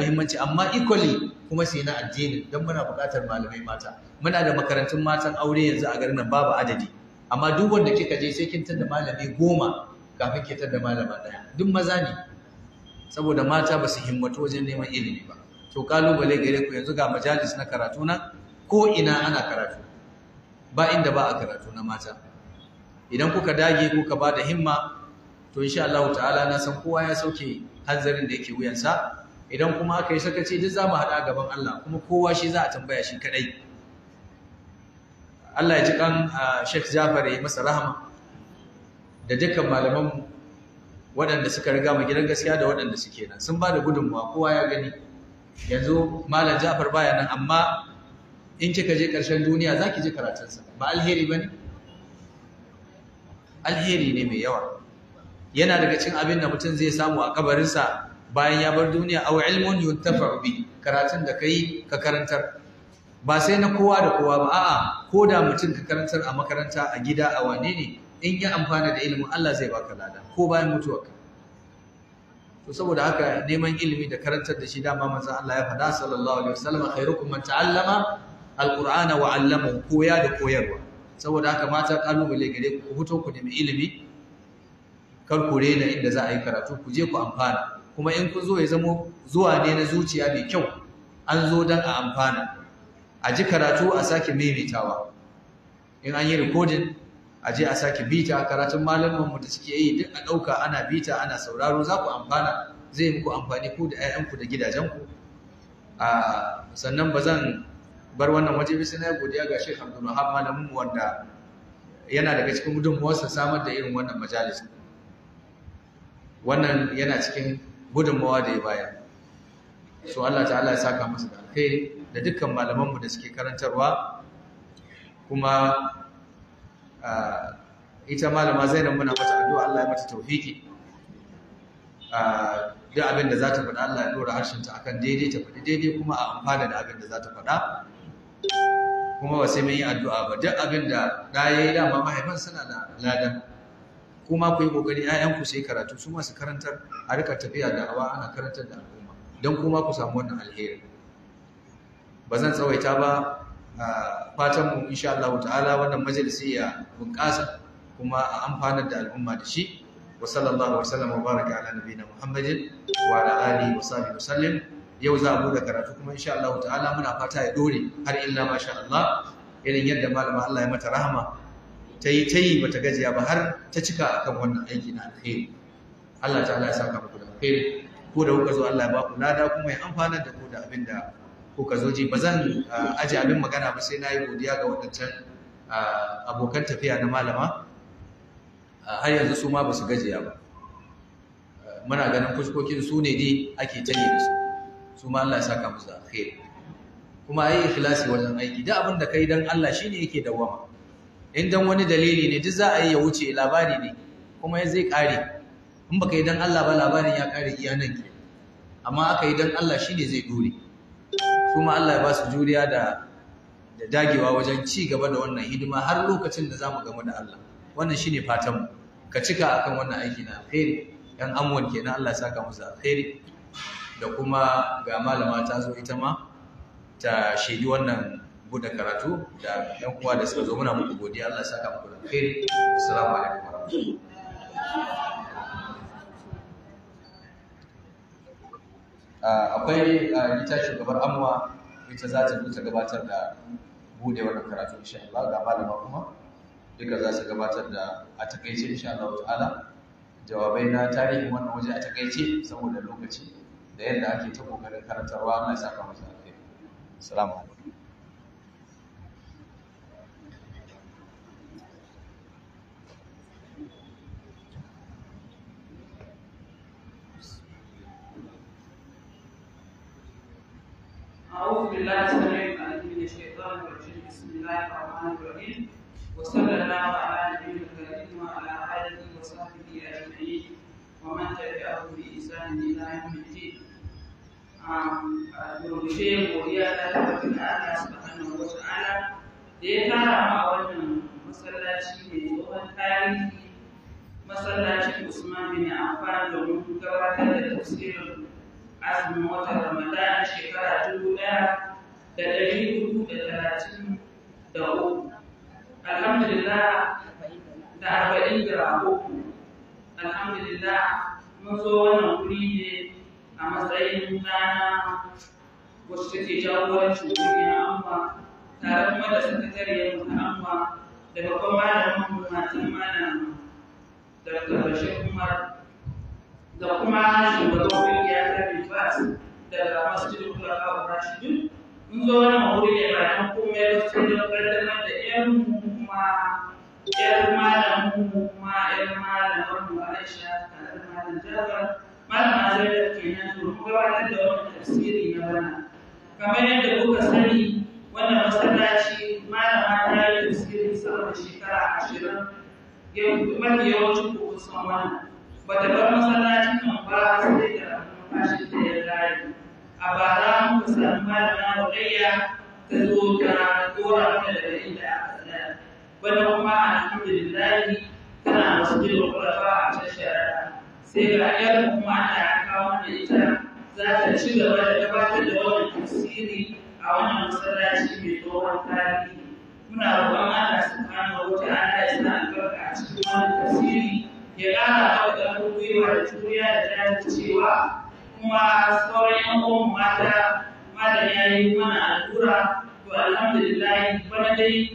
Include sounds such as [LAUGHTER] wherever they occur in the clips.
muhimmanci amma equally kuma sai na addini don muna buƙatar malamai mata muna da makarantun matan aure yanzu a garin nan babu adadi amma duk wanda kika je sai kin tada malami goma kafin ki tada malama ɗaya duk maza ne saboda mata ba su himmatu wajen neman ilimi ba to kalubale gare ku yanzu ga majalis na karatu na ko ina ana karatu ba inda ba a karatu na mata idan kuka dage kuka ba da himma to insha Allah ta'ala na san kowa ya sauke hanzarin da yake wuyansa idan kuma aka yi ce duk za mu haɗa gaban Allah kuma kowa shi za a tambaya shi kaɗai Allah ya ji kan Sheikh Jafar ya masa rahama da dukkan malamanmu waɗanda suka riga mu gidan gaskiya da waɗanda suke nan sun ba da gudunmuwa kowa ya gani yanzu malam Jafar baya nan amma in kika je ƙarshen duniya za ki ji karatunsa ba alheri ba ne alheri ne mai yawa yana daga cin abin da mutum zai samu a kabarinsa bayan ya bar duniya aw ilmun yuntafa bi karatun da kai ka karantar ba sai na kowa da kowa ba a'a ko da mutum ka karantar a makaranta a gida a wane ne in ya amfana da ilimin Allah zai baka lada ko bayan mutuwarka to saboda haka neman ilimi da karantar da shi dama manzon Allah ya faɗa sallallahu alaihi wasallam khairukum man ta'allama alqur'ana wa 'allamahu koya da koyarwa saboda haka mata kalubale gare ku ku ku nemi ilimi kar ku rena inda za a yi karatu ku je ku amfana kuma in kun zo ya zama zuwa ne na zuciya mai kyau an zo don a amfana a ji karatu a sake maimaitawa in an yi rikodin a je a sake bita karatun malamanmu da suke yi duk a ɗauka ana bita ana sauraro za ku amfana zai muku amfani ku da 'ya'yanku da gidajenku sannan ba zan bar wannan waje bisa na godiya ga Sheikh Abdul malamin wanda yana daga cikin gudunmuwarsa samar da irin wannan majalis wannan yana cikin gudunmawa da ya baya so Allah ta'ala ya saka masa da alkhairi da dukkan malamanmu da suke karantarwa kuma ita malama zainab muna mata addu'a Allah ya mata tawfiki duk abin da za ta faɗa Allah ya dora harshen akan daidai ta faɗi daidai kuma a amfana da abin da za ta faɗa kuma ba sai mun yi addu'a ba duk abin da ɗaya ya yi dama mahaifan suna da ladan kuma ku yi kokari ƴaƴanku sai karatu su masu karantar a rika tafiya da hawa ana karantar da al'umma don kuma ku samu wannan alheri ba zan tsawaita ba fatan mu insha Allah ta'ala wannan majalisi ya bunƙasa kuma a amfanar da al'umma da shi wa sallallahu wa sallam wa baraka ala nabiyina Muhammadin wa ala alihi wa sahbihi wa sallam yau za a buɗe karatu kuma insha Allah ta'ala muna fata ya dore har illa masha Allah irin yadda malama Allah ya mata rahama ta yi ta yi bata gajiya ba har ta cika akan wannan aiki na alheri Allah ta'ala ya saka muku da alheri ko da kuka zo Allah ya ba ku lada kuma ya amfana da ku da abin da kuka zo ji ba zan aje abin magana ba sai na yi godiya ga waɗancan abokan tafiya na malama har yanzu su ma ba su gajiya ba muna ganin fuskokin su ne dai ake tayi su su ma Allah ya saka musu da alheri kuma ai ikhlasi wajen aiki da abin da kai dan Allah shine yake dawama in dan wani dalili ne duk za a yi ya wuce labari ne kuma ya zai kare in baka yi dan Allah ba labarin ya kare iya nan amma aka yi dan Allah ne zai dore kuma Allah ya ba su juriya da da dagewa wajen ci gaba da wannan hidima har lokacin da zamu gamu da Allah wannan shine fatan mu ka cika akan wannan aiki na alheri yan amwan na Allah ya saka musu alheri da kuma ga malama ta zo ita ma ta shedi wannan buɗe karatu da yan uwa da suka zo muna muku godiya Allah ya saka muku da alheri assalamu alaikum warahmatullahi ah, akwai ah, ita shugabar amma ita za ta ta gabatar da bude wannan karatu insha Allah ga malama kuma duka za su gabatar da a takaice insha Allah ta'ala jawabai na tarihi wannan waje a takaice saboda lokaci da yadda ake ta kokarin karantarwa Allah ya saka masa alheri assalamu alaikum أعوذ بالله السميع العليم من الشيطان الرجيم بسم الله الرحمن الرحيم وصلى الله على نبينا الكريم وعلى آله وصحبه أجمعين ومن تبعه بإحسان إلى يوم الدين Durushe godiya ta tabbata ga Allah subhanahu wa ta'ala da ya tara ma wannan masallaci mai tsohon tarihi masallacin Usman bin Affan domin gabatar da tafsirin azumin watan Ramadan shekara dubu ɗaya da ɗari hudu da talatin da uku. Alhamdulillah da arba'in da uku. Alhamdulillah mun zo wannan wuri ne a matsayin rana wacce take jagorancin wuri na amma tare kuma da sakatariyar mu na amma da babban malamin mu tsammanin malam Dr. Bashir Umar da kuma shugaban kungiya ta Bifat da Rama Sujud Kula ba ba shi Rashidun mun zo wani mahuri ne ba nan kuma ya zo da kaddamar da ƴan kuma ƴar malam kuma ƴar malam wanda Aisha ta malam Jafar malam Azai nan to mun gabatar da wannan tafsiri na bana kamar yadda kuka sani wannan masallaci malama ta yi tafsirin sama da shekara ashirin mafi yawancin kuka san wannan ba ta bar masallacin nan ba sai da numfashin da ya rayu a bara muka samu malama rukayya ta zo ta tsora mana daga da aka tsaya wanda kuma alhamdulillah tana masjidin kulafa a can shari'a sai ga yar kuma ana kawo da ita za ta ci gaba da gabatar da wannan tafsiri a wannan masallaci mai tsohon tarihi muna roƙon Allah subhanahu wa ta'ala ya sa albarka a cikin wannan tafsiri ya ƙara da ƙarfin gwiwa da juriya da jajircewa kuma sauran yan uwan mata malam ya yi mana allura to alhamdulillah bana dai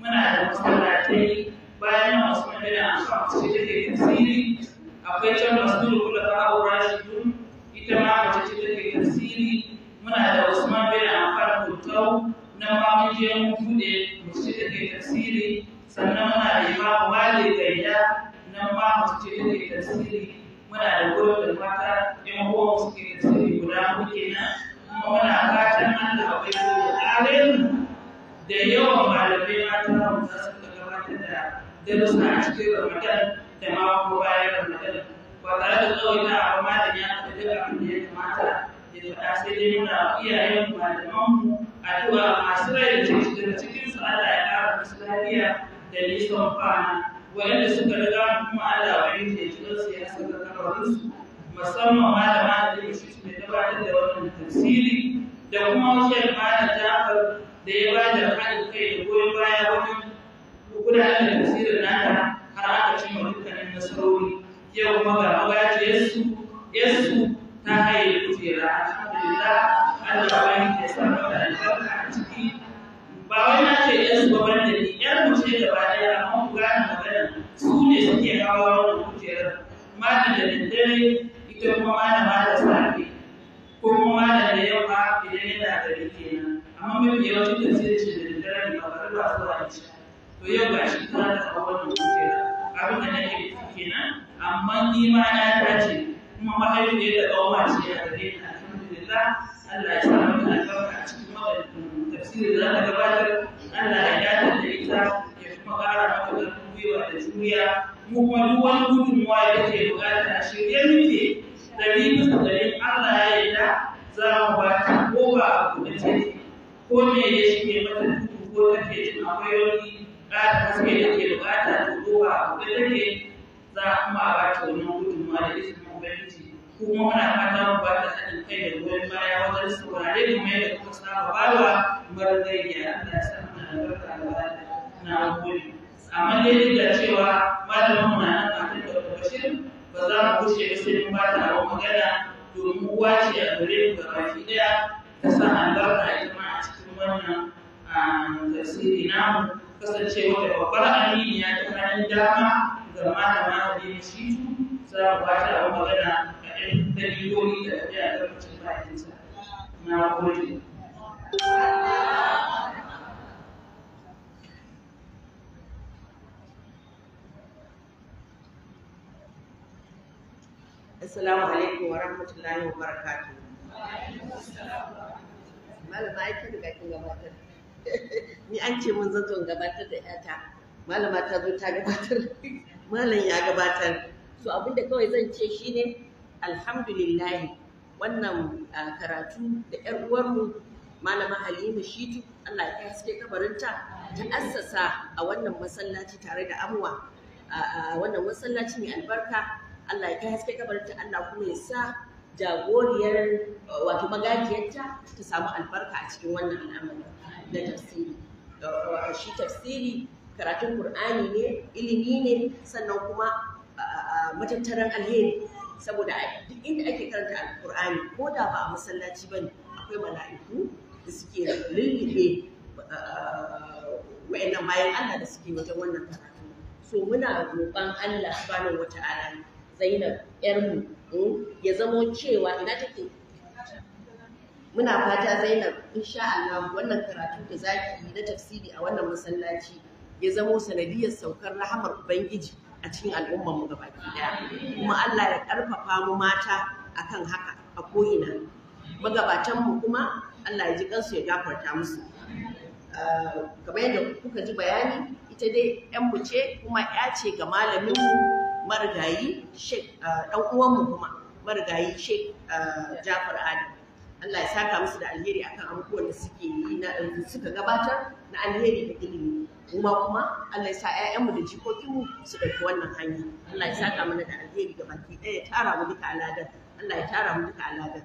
muna da masallatai bayan masu mandana a sa masu ce take tasiri akwai can masu duru kula ta aura shi dun ita ma mace ce take tasiri muna da usman bin amfan kuntau na ma mun je mun bude mace ce take tasiri sannan muna da imamu malik gaida nan ba mu suke da siri, tasiri muna da gurin da mata yan uwa mu suke da tasiri guda mu kenan kuma muna fatan Allah bai so alim da yawan malamai mata mu za su gabatar da darussa a cikin Ramadan da ma ko bayan Ramadan ba tare da kawai na abu malam ya fi duk abin da ya kamata ya faɗa sai dai muna iyayen malamanmu addu'a masu rai da cikin su Allah ya ƙara musu lafiya da nisan fana wayanda suka riga kuma Allah bai ce shi su ya saka kabarin su musamman malama da yake mai gabatar da wannan tafsiri da kuma Sheikh Malam Jafar da ya ba da haɗin kai da goyon baya wajen gudanar da tafsirin nata har aka cimma dukkanin nasarori yau kuma ga magajiyarsu yarsu ta haye kujera alhamdulillah Allah ya yi da samu da albarka a ciki ba wai na ce yarsu ba wanda ni yar mu ce da ba ita kuma mana ba ta tsaki ko kuma mana da yau ba idan yana da kenan amma mai biyar wata sai ce da daddare ne ba ba ba su ba ce to yau ga shi ta ta ba wannan kenan abin da nake kenan amma ni ma na ta ce kuma mahaifiyar da ƙauma ce a gare ni alhamdulillah Allah ya sa mana albarka a cikin mawaƙin tafsirin da aka gabatar Allah ya dace da ita ya kuma ƙara maka ƙarfin gwiwa da juriya mu kuma duk wani gudunmawa da ke buƙata shirye muke ɗari bisa Allah ya yarda za mu ba ta ko ba a kuɗin take ko me ya shige mata duhu ko take jin akwai wani ƙara haske da ke buƙata ko ba a kuɗin take za a kuma ba ta wannan gudunmawa da izinin Ubangiji kuma muna fata mu ba ta haɗin kai da goyon baya wajen saurare mu yadda kuka saba bawa marigayya Allah ya sa mana albarka albarka na gode amma dai duk da cewa malamin mu na nan a kan da ba za mu wuce da sai ba ta hawa magana domin uwa ce a gare mu gaba ki daya ta sa albarka ita a cikin wannan um, tasiri namu kasancewa da babbar aminiya ta hannun dama ga malama Halima Shitu za mu ba ta hawa magana a ɗan daliloli da ta yi a lokacin bakinsa. Na gode. Assalamu alaikum wa rahmatullahi wa barakatu. Malama ai kin ga kin gabatar. [LAUGHS] Ni an ce mun zan gabatar da yata. Malama ta zo ta gabatar. [LAUGHS] Malam ya gabatar. So abinda kawai zan ce shine alhamdulillahi. wannan karatu da yar uwarmu Malama Halima Shitu Allah ya haske kabarinta ta assasa a wannan masallaci tare da amwa a wannan masallaci mai albarka Allah ya kai haske kabarinta Allah kuma ya sa jagoriyar wato magajiyarta ta samu albarka a cikin wannan al'amari na tafsiri shi tafsiri karatun Kur'ani ne ilimi ne sannan kuma matattaran alheri saboda duk inda ake karanta alqur'ani ko da ba a masallaci ba ne akwai mala'iku da suke lullube wa'annan bayan Allah da suke wajen wannan karatu so muna roƙon Allah subhanahu wata'ala Zainab mu hmm, ya zamo cewa ina take muna fata Zainab insha Allah wannan karatu da zaki yi na tafsiri a wannan masallaci ya zamo sanadiyar saukar rahamar Ubangiji a cikin al'ummar mu gabaki daya kuma Allah ya karfafa mu mata akan haka a ko'ina magabatan mu kuma Allah ya ji kansu ya gafarta musu ah, kamar yadda kuka ji bayani ita dai 'yan mu ce kuma 'ya ce ga malamin mu marigayi ɗan uh, uwanmu kuma marigayi sheik uh, jafar Ali. Allah ya saka musu da alheri akan abubuwan da suke yi na uh, suka gabatar na alheri da ilimi kuma kuma Allah ya sa ƴaƴanmu da jikokinmu su ɗauki wannan hanya Allah ya saka mana da alheri ga baki ɗaya ya tara mu duka aladar Allah ya tara mu duka aladar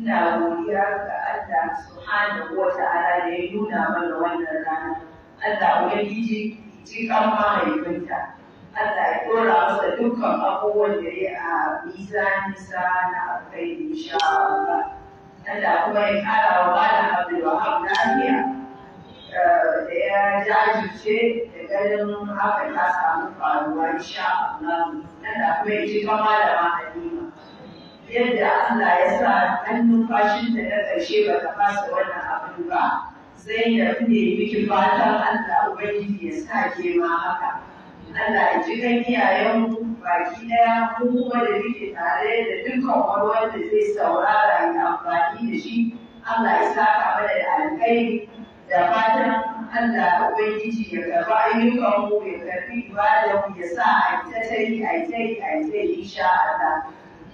ina godiya ga Allah subhanahu wa ta'ala da ya nuna mana wannan rana Allah ubangiji ji kan mahaifinta Allah ya dora masa dukkan abubuwan da ya a mizani sa na alkhairi insha Allah Allah kuma ya kara wa bala Abdul Wahab lafiya eh, da ya jajirce da ganin haka ta samu faruwa insha Allah Allah kuma ya ji kan malama Halima yadda Allah ya sa ɗan numfashinta na ƙarshe ba ta fasa wannan abu ba Zainab ne miki fatan Allah Ubangiji ya sa ke ma haka Allah ya ji kan iyayenmu baki ɗaya ko kuma da muke tare da dukkan wani wanda zai saurara ya amfani da shi Allah ya ka mana da alkhairi da fatan Allah Ubangiji ya karɓi mu ya karɓi ibadanmu ya sa a yi ta a yi ta yi a yi ta yi insha Allah.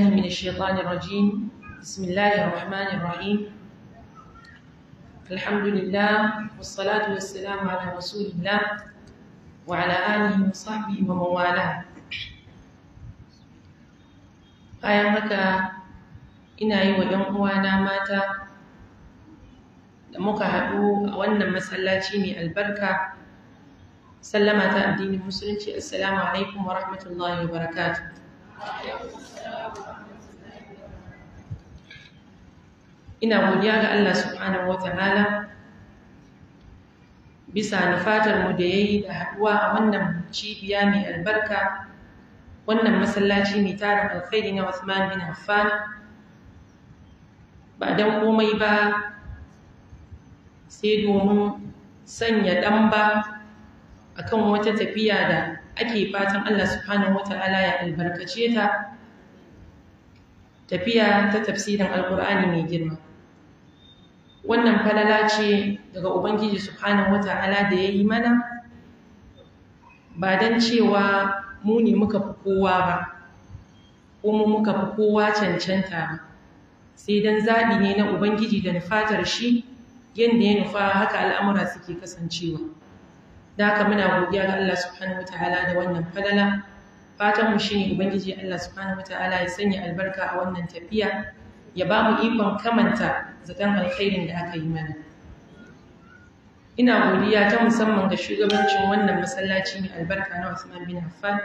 بالله من الشيطان الرجيم بسم الله الرحمن الرحيم الحمد لله والصلاة والسلام على رسول الله وعلى آله وصحبه ومن والاه bayan ina yi wa ‘yan uwana mata da muka haɗu a wannan masallaci mai albarka sallama ta addinin musulunci assalamu alaikum wa rahmatullahi wa ina godiya ga Allah subhanahu ta'ala bisa nufatar mu da yayi da haduwa a wannan cibiya mai albarka wannan masallaci mai tarin alkhairi na Usman bin Affan ba dan komai ba sai domin sanya ba akan wata tafiya da ake fatan Allah subhanahu ta'ala ya albarkace ta tafiya ta tafsirin Alƙur'ani mai girma wannan falala ce daga ubangiji subhanahu wata'ala da ya yi mana ba don cewa mu ne muka fi kowa ba kuma muka fi kowa cancanta ba sai don zaɓi ne na ubangiji da nufatar shi yadda ya nufa haka al'amura suke kasancewa da haka muna godiya ga Allah subhanahu wata'ala da wannan falala fatanmu shi ne ubangiji Allah subhanahu wata'ala ya sanya albarka a wannan tafiya ya ba mu ikon kamanta zaton alkhairin da aka yi mana ina godiya ta musamman ga shugabancin wannan masallaci mai albarka na Usman bin Affan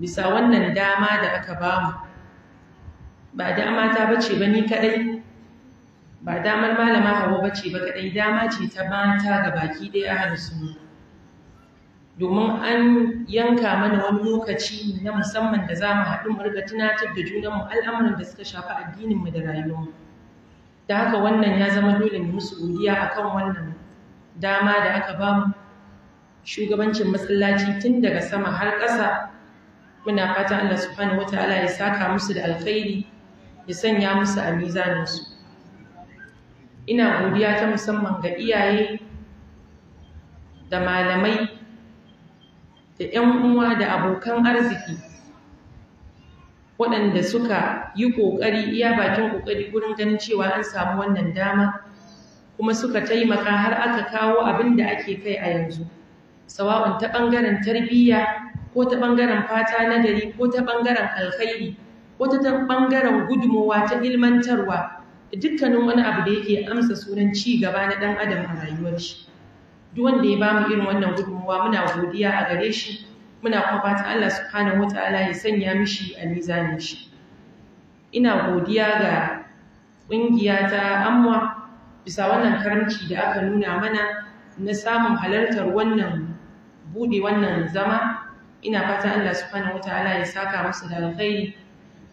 bisa wannan dama da aka ba mu ba dama ta bace ba ni kadai ba damar malama hawa bace ba kadai dama ce ta mata ga baki ɗaya a suna. domin an yanka mana wani lokaci na musamman da za mu haɗu mu riga tunatar da junanmu al'amuran da suka shafi addininmu da rayuwarmu da haka wannan ya zama dole mu musu godiya a kan wannan dama da aka ba mu shugabancin masallaci tun daga sama har ƙasa muna fatan Allah subhanahu Ta'ala ya saka musu da alkhairi ya sanya musu a su, ina godiya ta musamman ga iyaye da malamai da 'yan uwa da abokan arziki waɗanda suka yi ƙoƙari iya bakin ƙoƙari gurin ganin cewa an samu wannan dama kuma suka taimaka har aka kawo abin da ake kai a yanzu sawa'un ta ɓangaren tarbiyya ko ta ɓangaren fata na gari ko ta ɓangaren alkhairi ko ta ɓangaren gudunmowa ta ilmantarwa dukkanin wani abu da yake amsa sunan ci gaba na ɗan adam a rayuwar shi duk wanda ya bamu irin wannan gudunmuwa muna godiya a gare shi muna kuma fatan Allah subhanahu wataala ya sanya mishi a mizanin shi ina godiya ga ƙungiya ta amma bisa wannan karamci da aka nuna mana na samun halartar wannan bude wannan zama ina fatan Allah subhanahu wataala ya saka musu da alkhairi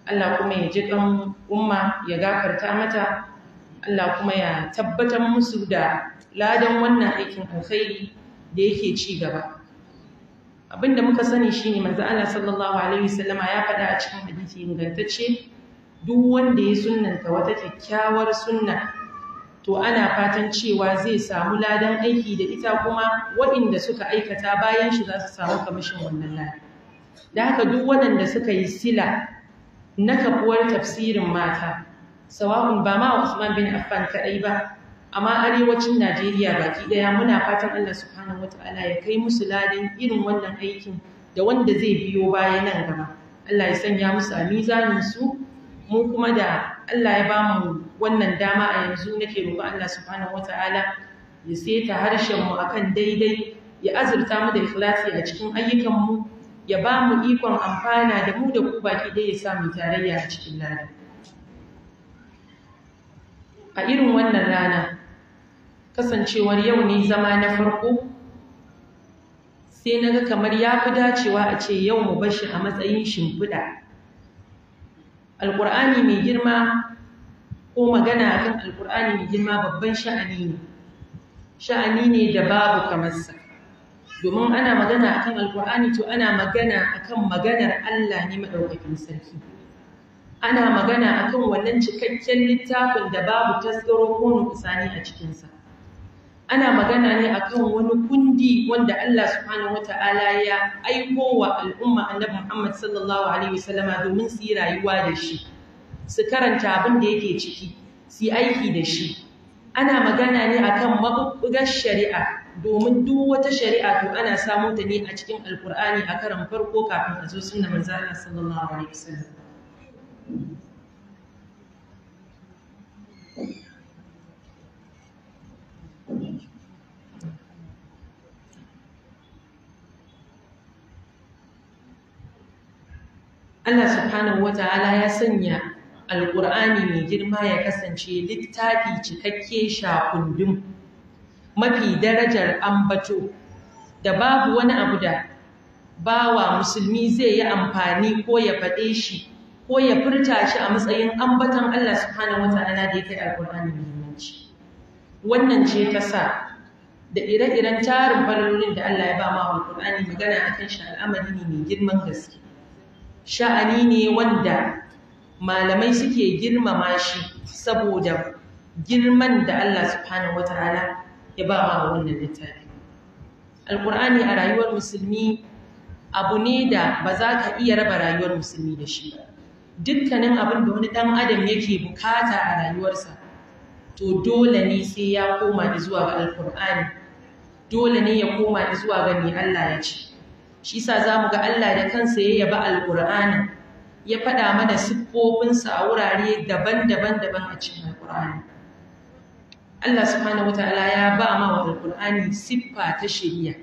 Allah kuma ya ji kan umma ya gafarta mata Allah kuma ya tabbatar musu da ladan wannan aikin alkhairi da yake ci gaba da muka sani shine manzo Allah sallallahu alaihi wasallama ya faɗa a cikin hadisi ingantacce duk wanda ya sunnanta wata kyakkyawar sunna to ana fatan cewa zai samu ladan aiki da ita kuma waɗanda suka aikata bayan shi za su samu kamishin wannan ladan da haka duk waɗanda suka yi sila na kafuwar tafsirin mata sawa'un ba ma Usman bin Affan kaɗai ba amma arewacin Najeriya baki ɗaya muna fatan Allah subhanahu wataala ya kai musu ladan irin wannan aikin da wanda zai biyo baya nan gaba Allah ya sanya musu a mizanin su mu kuma da Allah ya bamu wannan dama a yanzu nake roƙon Allah subhanahu wataala ya seta harshen mu akan daidai ya azurta mu da ikhlasi a cikin ayyukan mu ya ba mu ikon amfana da mu da ku baki ɗaya ya sa mu tarayya a cikin ladin. a irin wannan rana kasancewar yau ne zama na farko sai na ga kamar ya fi dacewa a ce yau mu bashi a matsayin shimfiɗa alƙur'ani mai girma ko magana akan alƙur'ani mai girma babban sha'ani ne sha'ani ne da babu kamarsa domin ana magana akan alƙur'ani to ana magana akan maganar Allah ne maɗaukakin sarki ana magana akan wannan cikakken littafin da babu tasgaro ko nukusani a cikinsa ana magana ne akan wani kundi wanda Allah subhanahu wata'ala ya aiko wa al'umma annabi Muhammad sallallahu alaihi wasallama domin su yi rayuwa da shi su karanta abin da yake ciki su yi aiki da shi ana magana ne akan mabubbugar shari'a domin duk wata shari'a to ana samu ta ne a cikin alkur'ani a karan farko kafin a zo sunna manzo Allah sallallahu alaihi wasallam Allah subhanahu wa ta'ala ya sanya alƙur'ani mai girma ya kasance littafi cikakke shakundun mafi darajar ambato da babu wani abu da bawa musulmi zai yi amfani ko ya faɗe shi ko ya furta shi a matsayin ambatan Allah subhanahu ta'ala da ya kai alkur'ani muhimmanci wannan ce ta sa da ire-iren tarin falalolin da Allah ya ba ma alƙur'ani magana akan shi al'amari ne mai girman gaske sha'ani ne wanda malamai suke girmama shi saboda girman da Allah subhanahu ta'ala ya ba ma wannan littafi Alƙur'ani a rayuwar musulmi abu ne da ba za ka iya raba rayuwar musulmi da shi ba dukkanin abin da wani ɗan adam yake bukata a rayuwarsa to dole ne sai ya koma da zuwa ga alkur'ani dole ne ya koma da zuwa ga mai Allah ya ce shi sa za mu ga Allah da kansa ya yaba alkur'ani ya faɗa mana siffofinsa a wurare daban-daban daban a cikin alkur'ani Allah subhanahu wataala ya ba ma wa alkur'ani siffa ta shari'a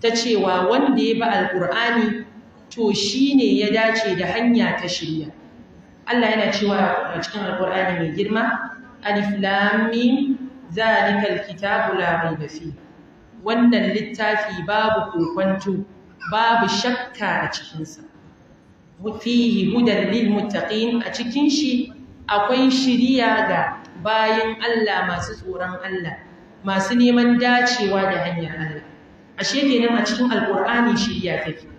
ta cewa wanda ya ba alkur'ani to shi ne ya dace da hanya ta shirya Allah yana cewa a cikin alkur'ani mai girma alif lam mim zalikal kitabu la wannan littafi babu kokwanto babu shakka a cikinsa sa fihi hudan lil muttaqin a cikin shi akwai shiriya ga bayan Allah masu tsoron Allah masu neman dacewa da hanyar Allah ashe kenan a cikin alkur'ani shiriya take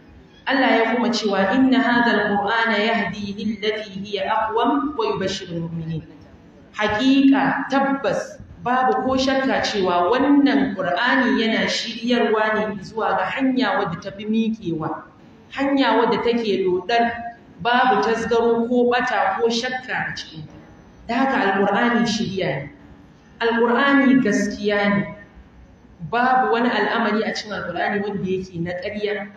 Allah ya kuma cewa inna hadhal qur'ana yahdi lil lati hiya aqwam wa yubashshirul mu'minin haqiqa tabbas babu ko shakka cewa wannan qur'ani yana shiryarwa ne zuwa ga hanya wadda ta fi miƙewa hanya wadda take dodar babu tasgaro ko bata ko shakka a cikin ta da haka alqur'ani shiriya ne alqur'ani gaskiya ne babu wani al'amari a cikin alqur'ani wanda yake na ƙarya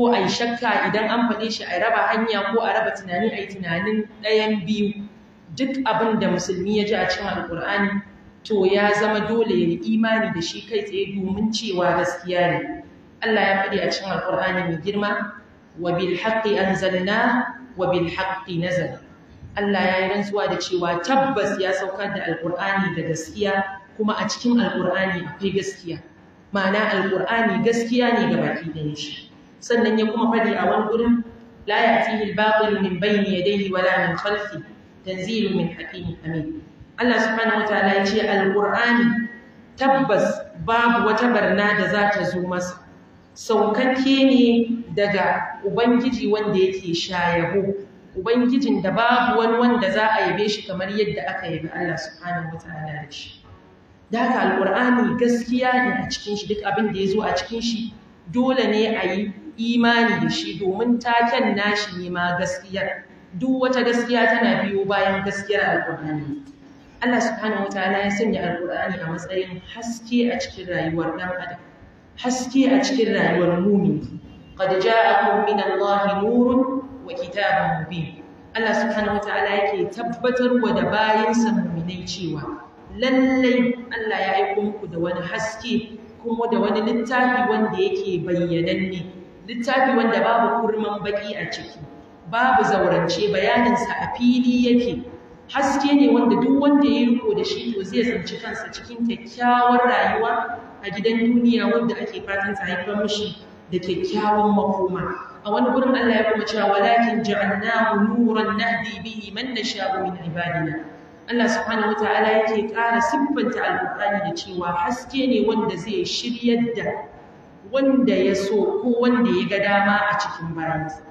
ko a shakka idan an faɗe shi a raba hanya ko a raba tunani a yi tunanin ɗayan biyu duk abin da musulmi ya ji a cikin alƙur'ani to ya zama dole ya imani da shi kai tsaye domin cewa gaskiya ne Allah ya faɗi a cikin alƙur'ani mai girma wa bil haqqi anzalna wa bil haqqi nazala Allah ya yi rantsuwa da cewa tabbas ya saukar da alƙur'ani da gaskiya kuma a cikin alƙur'ani akwai gaskiya ma'ana alƙur'ani gaskiya ne ga baki da shi sannan ya kuma faɗi a wani gurin la ya al-batil min bayni yadayhi wala min khalfi tanzilu min hakimin amin Allah subhanahu wataala ya ce al tabbas babu wata barna da za ta zo masa saukakke ne daga ubangiji wanda yake shayaho, Ubangijin da babu wani wanda za a yabe shi kamar yadda aka yabi Allah subhanahu wata'ala da shi. Da haka Alƙur'ani gaskiya ne a cikin shi duk abin da ya zo a cikin shi dole ne a yi imani da shi domin taken nashi ne ma gaskiya. duk wata gaskiya tana biyo bayan gaskiyar alkur'ani Allah subhanahu wataala ya sanya alkur'ani a matsayin haske a cikin rayuwar dan adam haske a cikin rayuwar mumini qad ja'akum min Allahi nurun wa kitabun mubin Allah subhanahu wataala yake tabbatarwa da bayinsa muminai cewa lallai Allah ya aiko muku da wani haske kuma da wani littafi wanda yake bayyananne littafi wanda babu kurman baki a ciki babu zaurance bayaninsa a fili yake haske ne wanda duk wanda ya riko da shi to zai tsinci kansa cikin kyakkyawar rayuwa a gidan duniya wanda ake fatan ta haifar mishi da kyakkyawan makoma a wani gurin Allah ya kuma cewa walakin ja'alnahu nuran nahdi bihi man nasha'u min ibadina Allah subhanahu wataala yake ƙara siffanta alƙur'ani da cewa haske ne wanda zai shiryar da wanda ya so ko wanda ya ga dama a cikin bayansa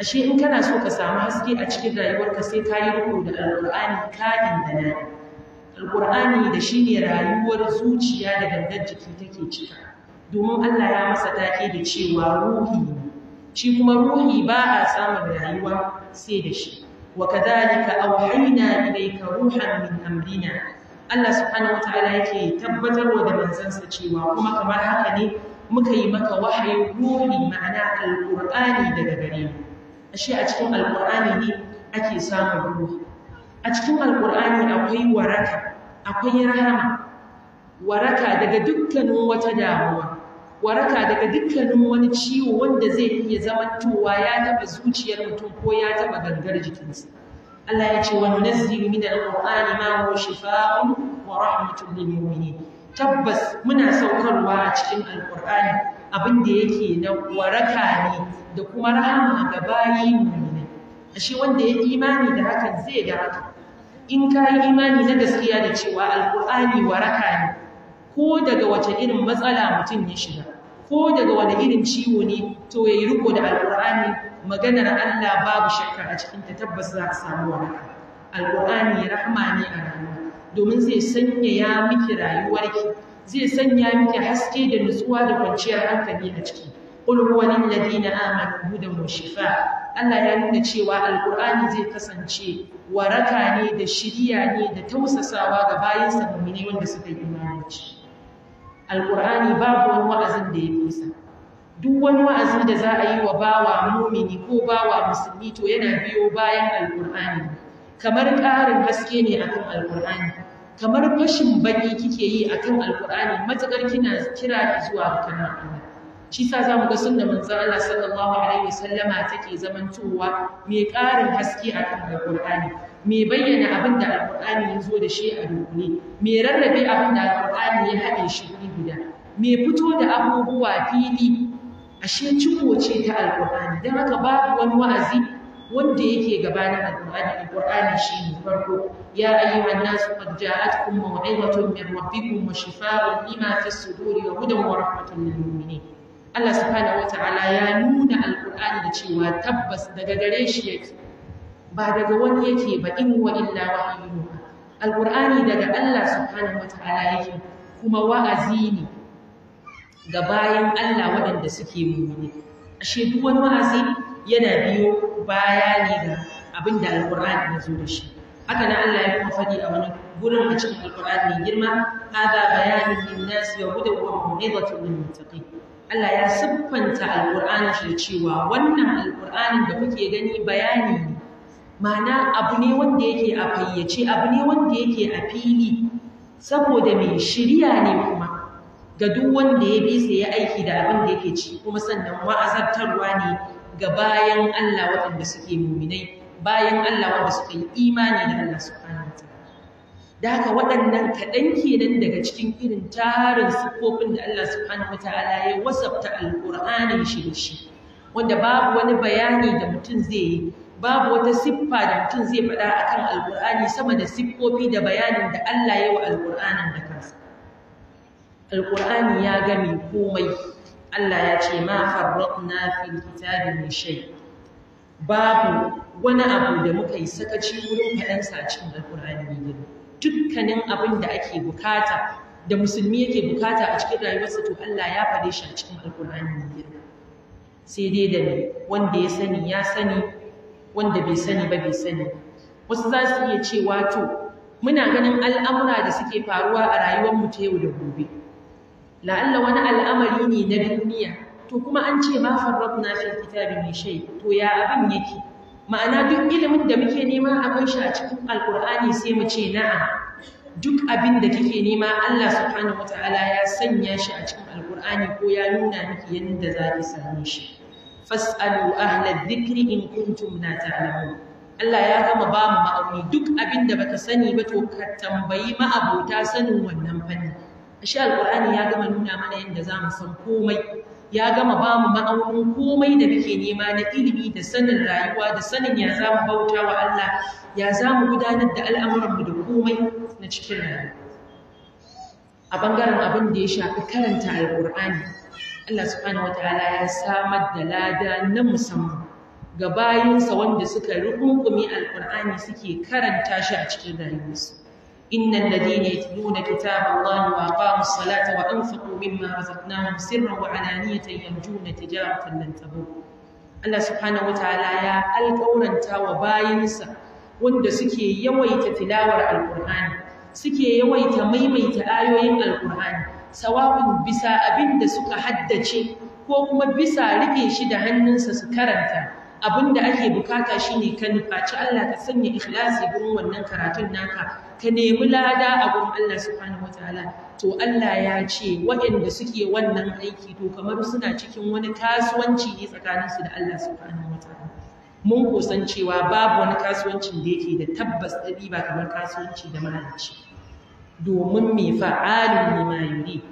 ashe in kana so ka samu haske a cikin rayuwarka sai ka yi riko da alƙur'ani kaɗin da na alƙur'ani da shi ne rayuwar zuciya da gangar jiki take cika domin allah ya masa take da cewa ruhi shi kuma ruhi ba a samun rayuwa sai da shi wa kadhalika awhayna ilayka ruhan min amrina Allah subhanahu wataala yake tabbatarwa da manzansa cewa kuma kamar haka ne muka yi maka wahayin ruhi ma'ana alƙur'ani daga gare mu ashe a cikin alƙur'ani ne ake samun ruhi a cikin alƙur'ani akwai waraka akwai rahama waraka daga dukkanin wata damuwa waraka daga dukkanin wani ciwo wanda zai iya zamantowa ya taɓa zuciyar mutum ko ya taɓa gangar jikinsa Allah ya ce wa nunazzilu min alqur'ani ma huwa shifaa'un wa rahmatun lil mu'minin tabbas muna saukarwa a cikin alkur'ani abin da yake na waraka ne da kuma rahama ga bayi mu'minai ashe wanda ya imani da hakan zai da haka in ka yi imani na gaskiya da cewa alkur'ani waraka ne ko daga wace irin matsala mutum ya shiga ko daga wani irin ciwo ne to ya yi riko da alkur'ani maganar Allah babu shakka a cikin ta tabbas za a samu waraka alkur'ani rahama ne a rayuwa domin zai sanya ya miki rayuwarki zai sanya miki haske da nutsuwa da kwanciyar hankali a ciki qul huwa ladina amanu huda wa shifa Allah ya nuna cewa alqur'ani zai kasance waraka ne da shiriya ne da tausasawa ga bayin sa mu'mini wanda suka yi imani alqur'ani babu wani wa'azin da ya nisa duk wani wa'azi da za a yi wa bawa mu'mini ko bawa musulmi to yana biyo bayan alqur'ani kamar ƙarin haske ne akan alƙur'ani kamar fashin baƙi kike yi akan alƙur'ani matukar kina kira zuwa kalmar Allah shi sa zamu ga sunna manzon Allah sallallahu alaihi wasallama take zamantowa mai ƙarin haske akan alƙur'ani mai bayyana abin da alƙur'ani ya zo da shi a dunkule mai rarrabe abin da alƙur'ani ya haɗe shi guda mai fito da abubuwa fili ashe ciko ce ta alƙur'ani don haka babu wani wa'azi wanda yake gabanin alqur'ani shi ne farko ya ayyuhan nas qad ja'atkum maw'izatun min rabbikum wa shifaa'un lima fi suduri wa hudan wa rahmatun lil mu'minin Allah subhanahu ala ya nuna alqur'ani da cewa tabbas daga gare shi yake ba daga wani yake ba in wa illa wahyuhu alqur'ani daga Allah subhanahu ala yake kuma wa'azi ne ga bayan Allah waɗanda suke mummuni ashe duk wani wa'azi yana biyo bayani ne ga abin da alƙur'ani ya zo da shi haka na Allah ya kuma faɗi a wani gurin a cikin alƙur'ani girma hada bayanin linnasi wa hudan wa mawidatu lil muttaqin Allah ya siffanta alƙur'ani shi cewa wannan alƙur'anin da kuke gani bayani ne ma'ana abu ne wanda yake a fayyace abu ne wanda yake a fili saboda mai shirya ne kuma ga duk wanda ya bi sai ya aiki da abin da yake ci kuma sannan wa'azartarwa ne ga bayan Allah waɗanda suke muminai bayan Allah waɗanda suka imani da Allah subhanahu da haka waɗannan kaɗan kenan daga cikin irin tarin siffofin da Allah Suhana wa ta'ala wasaf ta Alƙur'ani shi da shi wanda babu wani bayani da mutum zai yi babu wata siffa da mutum zai faɗa kan alƙur'ani sama da siffofi da bayanin da Allah ya wa alƙur'anin da kansa alƙur'ani ya gami komai Allah ya ce ma na fil kitabi min shay babu wani abu da muka yi sakaci wurin kaɗansa sa cikin Alƙurani mai dukkanin abin da ake bukata da musulmi yake bukata a cikin rayuwarsa to Allah ya faɗe shi a cikin Alƙurani mai girma sai dai da ne wanda ya sani ya sani wanda bai sani ba bai sani wasu za su iya cewa to muna ganin al'amura da suke faruwa a rayuwar mu ta yau da gobe la'alla wani al'amari ne na duniya to kuma an ce ma na fil kitabi min shay to ya abin yake ma'ana duk ilimin da muke nema akwai shi a cikin alkur'ani sai mu ce na'am duk abin da kike nema Allah subhanahu ya sanya shi a cikin alkur'ani ko ya nuna miki yadda za ki same shi fas'alu ahla dhikri in kuntum la ta'lamun Allah ya gama ba mu ma'auni duk abin da baka sani ba to ka tambayi ma'abota sanin wannan fanni ashe Alƙur'ani ya gama nuna mana yadda zamu san komai ya gama ba mu ma'aunin komai da muke nema na ilimi da sanin rayuwa da sanin ya za mu bauta wa Allah ya za mu gudanar da al'amuranmu da komai na cikin rayuwa a ɓangaren abin da ya shafi karanta alƙur'ani Allah subhanahu ya samar da lada na musamman ga bayinsa wanda suka rukunkumi alƙur'ani suke karanta shi a cikin rayuwarsu إن الذين يتلون كتاب الله وأقاموا الصلاة وأنفقوا مما رزقناهم سرا وعلانية يرجون تجارة لن تبور Allah subhanahu wataala ya alƙauranta wa bayansa wanda suke yawaita tilawar alƙur'ani suke yawaita maimaita ayoyin alƙur'ani sawa'un bisa abin da suka haddace ko kuma bisa riƙe shi da hannunsa su karanta da ake bukata shine ka nufaci Allah ka sanya ikhlasi gurin wannan karatun naka ka nemi lada a gurin Allah subhanahu wataala to Allah ya ce waɗanda suke wannan aiki to kamar suna cikin wani kasuwanci ne tsakaninsu da Allah subhanahu wataala mun kusan cewa babu wani kasuwancin da yake da tabbas ɗabi ba kamar kasuwanci da mahalicci domin mai fa'alin ne ma yuri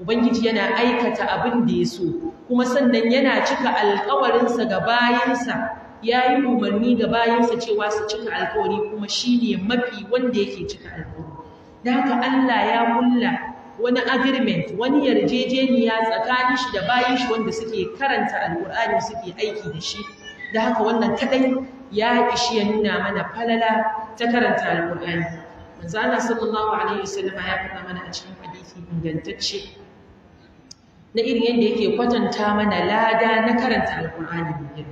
ubangiji yana aikata abin da ya so kuma sannan yana cika alkawarinsa ga bayinsa ya yi umarni ga bayinsa cewa su cika alkawari kuma shi ne mafi wanda yake cika alkawari da haka allah ya mulla wani agreement wani yarjejeniya tsakanin shi da bayin shi wanda suke karanta alkur'ani suke aiki da shi da haka wannan kadai ya ishi ya nuna mana falala ta karanta alkur'ani manzo Allah sallallahu alaihi wasallam ya faɗa mana a cikin hadisi ingantacce na irin yadda yake kwatanta mana lada na karanta alkur'ani mai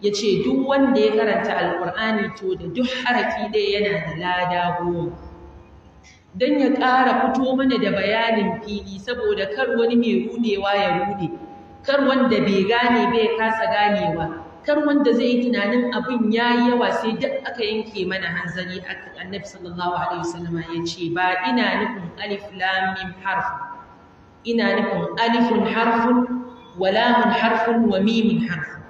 ya ce duk wanda ya karanta alkur'ani to da duk harafi dai yana da lada goma don ya ƙara fito mana da bayanin fili saboda kar wani mai rudewa ya rude kar wanda bai gane bai kasa ganewa kar wanda zai yi tunanin abin ya yi yawa sai duk aka yanke mana hanzari annabi sallallahu alaihi wasallama ya ce ba ina nufin alif lam mim ina nufin alifin harfun wa lamun harfun wa mimin harfun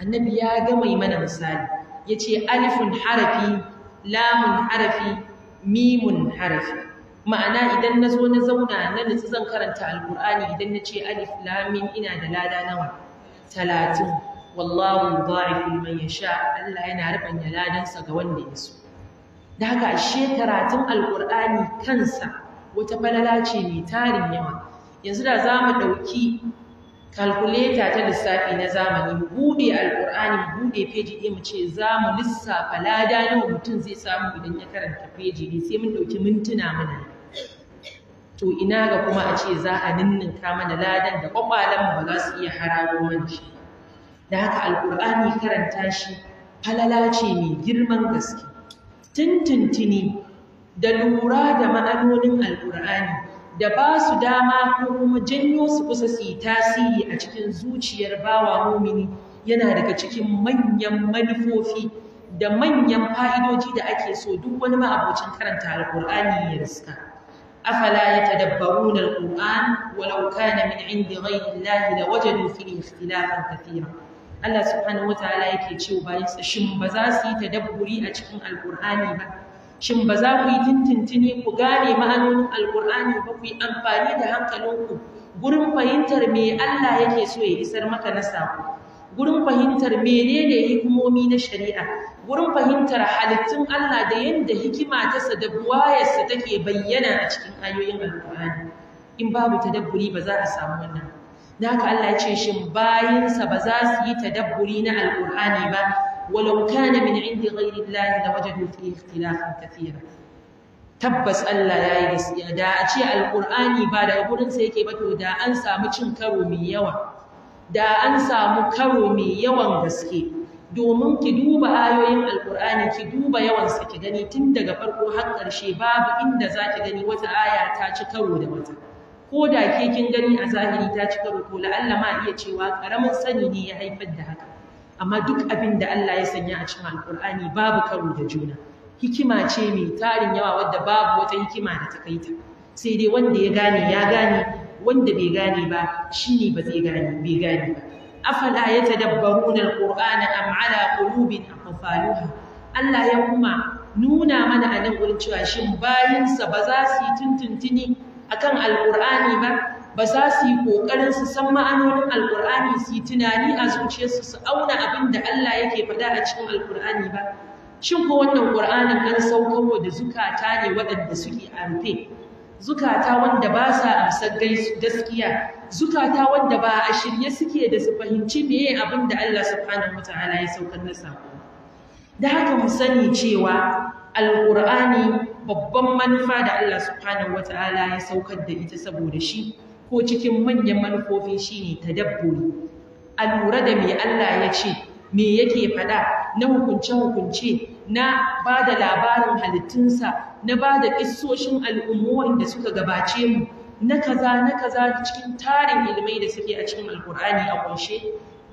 annabi ya gama yi mana misali ya ce alifun harafi lamun harafi mimun harafi ma'ana idan na zo na zauna na nutsu zan karanta alkur'ani idan na ce alif lamin ina da lada nawa talatin wallahu ba'ifu ya yasha Allah yana da ladansa ga wanda ya so da haka ashe karatun alkur'ani kansa wata falala ce mai tarin yawa yanzu da za mu ɗauki kalkuleta ta lissafi na zamani mu buɗe alƙur'ani mu buɗe feji ɗaya mu ce za mu lissafa lada nawa mutum zai samu idan ya karanta feji ɗaya sai mun ɗauki mintuna muna to ina ga kuma a ce za a ninninka mana ladan da mu ba za su iya hararo man shi da haka alƙur'ani karanta shi falala ce mai girman gaske tuntuntuni da lura da ma'anonin alƙur'ani da ba su dama ko kuma janyo su kusa su yi tasiri a cikin zuciyar bawa mumini yana daga cikin manyan manufofi da manyan fa'idoji da ake so duk wani ma'abocin karanta alƙur'ani ya riska afala ya tadabbaruna alƙur'an walau kana min indi ghayri llahi da wajadu fihi ikhtilafan tafiya. Allah subhanahu wataala yake cewa bayan shin ba za su yi tadabburi a cikin alƙur'ani ba shin ba za ku yi tintintini ku gane ma'anonin alkur'ani ba ku yi amfani da hankalinku gurin fahimtar me Allah yake so ya isar maka na sako gurin fahimtar menene hikimomi na shari'a gurin fahimtar halittun Allah da yadda hikima ta sa take bayyana a cikin ayoyin alkur'ani in babu tadabburi ba za a samu wannan da haka Allah ya ce shin bayinsa ba za su yi tadabburi na alkur'ani ba walau kana min indi ghairi Allah la wajadu fihi ikhtilafan tabbas Allah ya yi gaskiya da a ce alqur'ani ba da gurin sa yake ba to da an samu cin karo mai yawa da an samu karo mai yawan gaske domin ki duba ayoyin alqur'ani ki duba yawan sa ki gani tun daga farko har ƙarshe babu inda zaki gani wata aya ta ci karo da wata ko da ke kin gani a zahiri ta ci karo to la'alla ma iya cewa karamin sani ne ya haifar da haka amma duk abin da Allah ya sanya a cikin alkur'ani babu karo da juna hikima ce mai tarin yawa wadda babu wata hikima da ta kai ta sai dai wanda ya gane ya gane wanda bai gane ba shine ba zai gane bai gane ba afala yatadabbaruna alqur'ana am ala qulubin aqfaluha Allah ya kuma nuna mana a nan gurin cewa shin bayansa ba za su yi tuntuntuni akan Alƙur'ani ba ba za su yi ƙoƙarin su san ma'anonin alƙur'ani su yi tunani a zuciyarsu su auna abin da Allah yake faɗa a cikin alƙur'ani ba shin ko wannan ƙur'anin an saukarwa da zukata ne waɗanda suke amfe zukata wanda ba sa amsar gaskiya zukata wanda ba a shirye suke da su fahimci meye abin da Allah subhanahu wataala ya saukar na sako da haka mu sani cewa alƙur'ani babban manufa da Allah subhanahu wataala ya saukar da ita saboda shi ko cikin manyan manufofi shine tadabburi a lura da me Allah ya ce me yake faɗa na hukunce-hukunce na ba da labarin halittunsa na ba da ƙisoshin al'ummomin da suka gabace mu na kaza na kaza cikin tarin ilmai da suke a cikin alkur'ani a ƙunshe,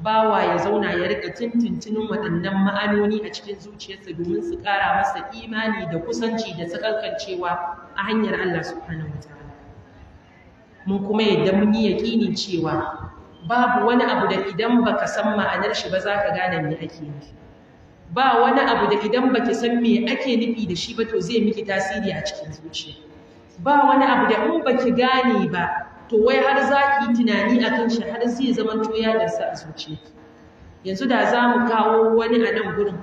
bawa ya zauna ya rika tintintinin waɗannan ma'anoni a cikin zuciyarsa domin su ƙara masa imani da kusanci da tsakankancewa a hanyar Allah subhanahu wataala mun kuma yadda mun yi yaƙinin cewa babu wani abu da idan baka san ma'anar shi ba za ka gane mai ake yi. ba wani abu da idan baki san me ake nufi da shi ba to zai miki tasiri a cikin zuciya ba wani abu da in baki gane ba to wai har za ki tunani akan shi har zai zama to ya darsa a zuciya yanzu da za mu kawo wani a nan gurin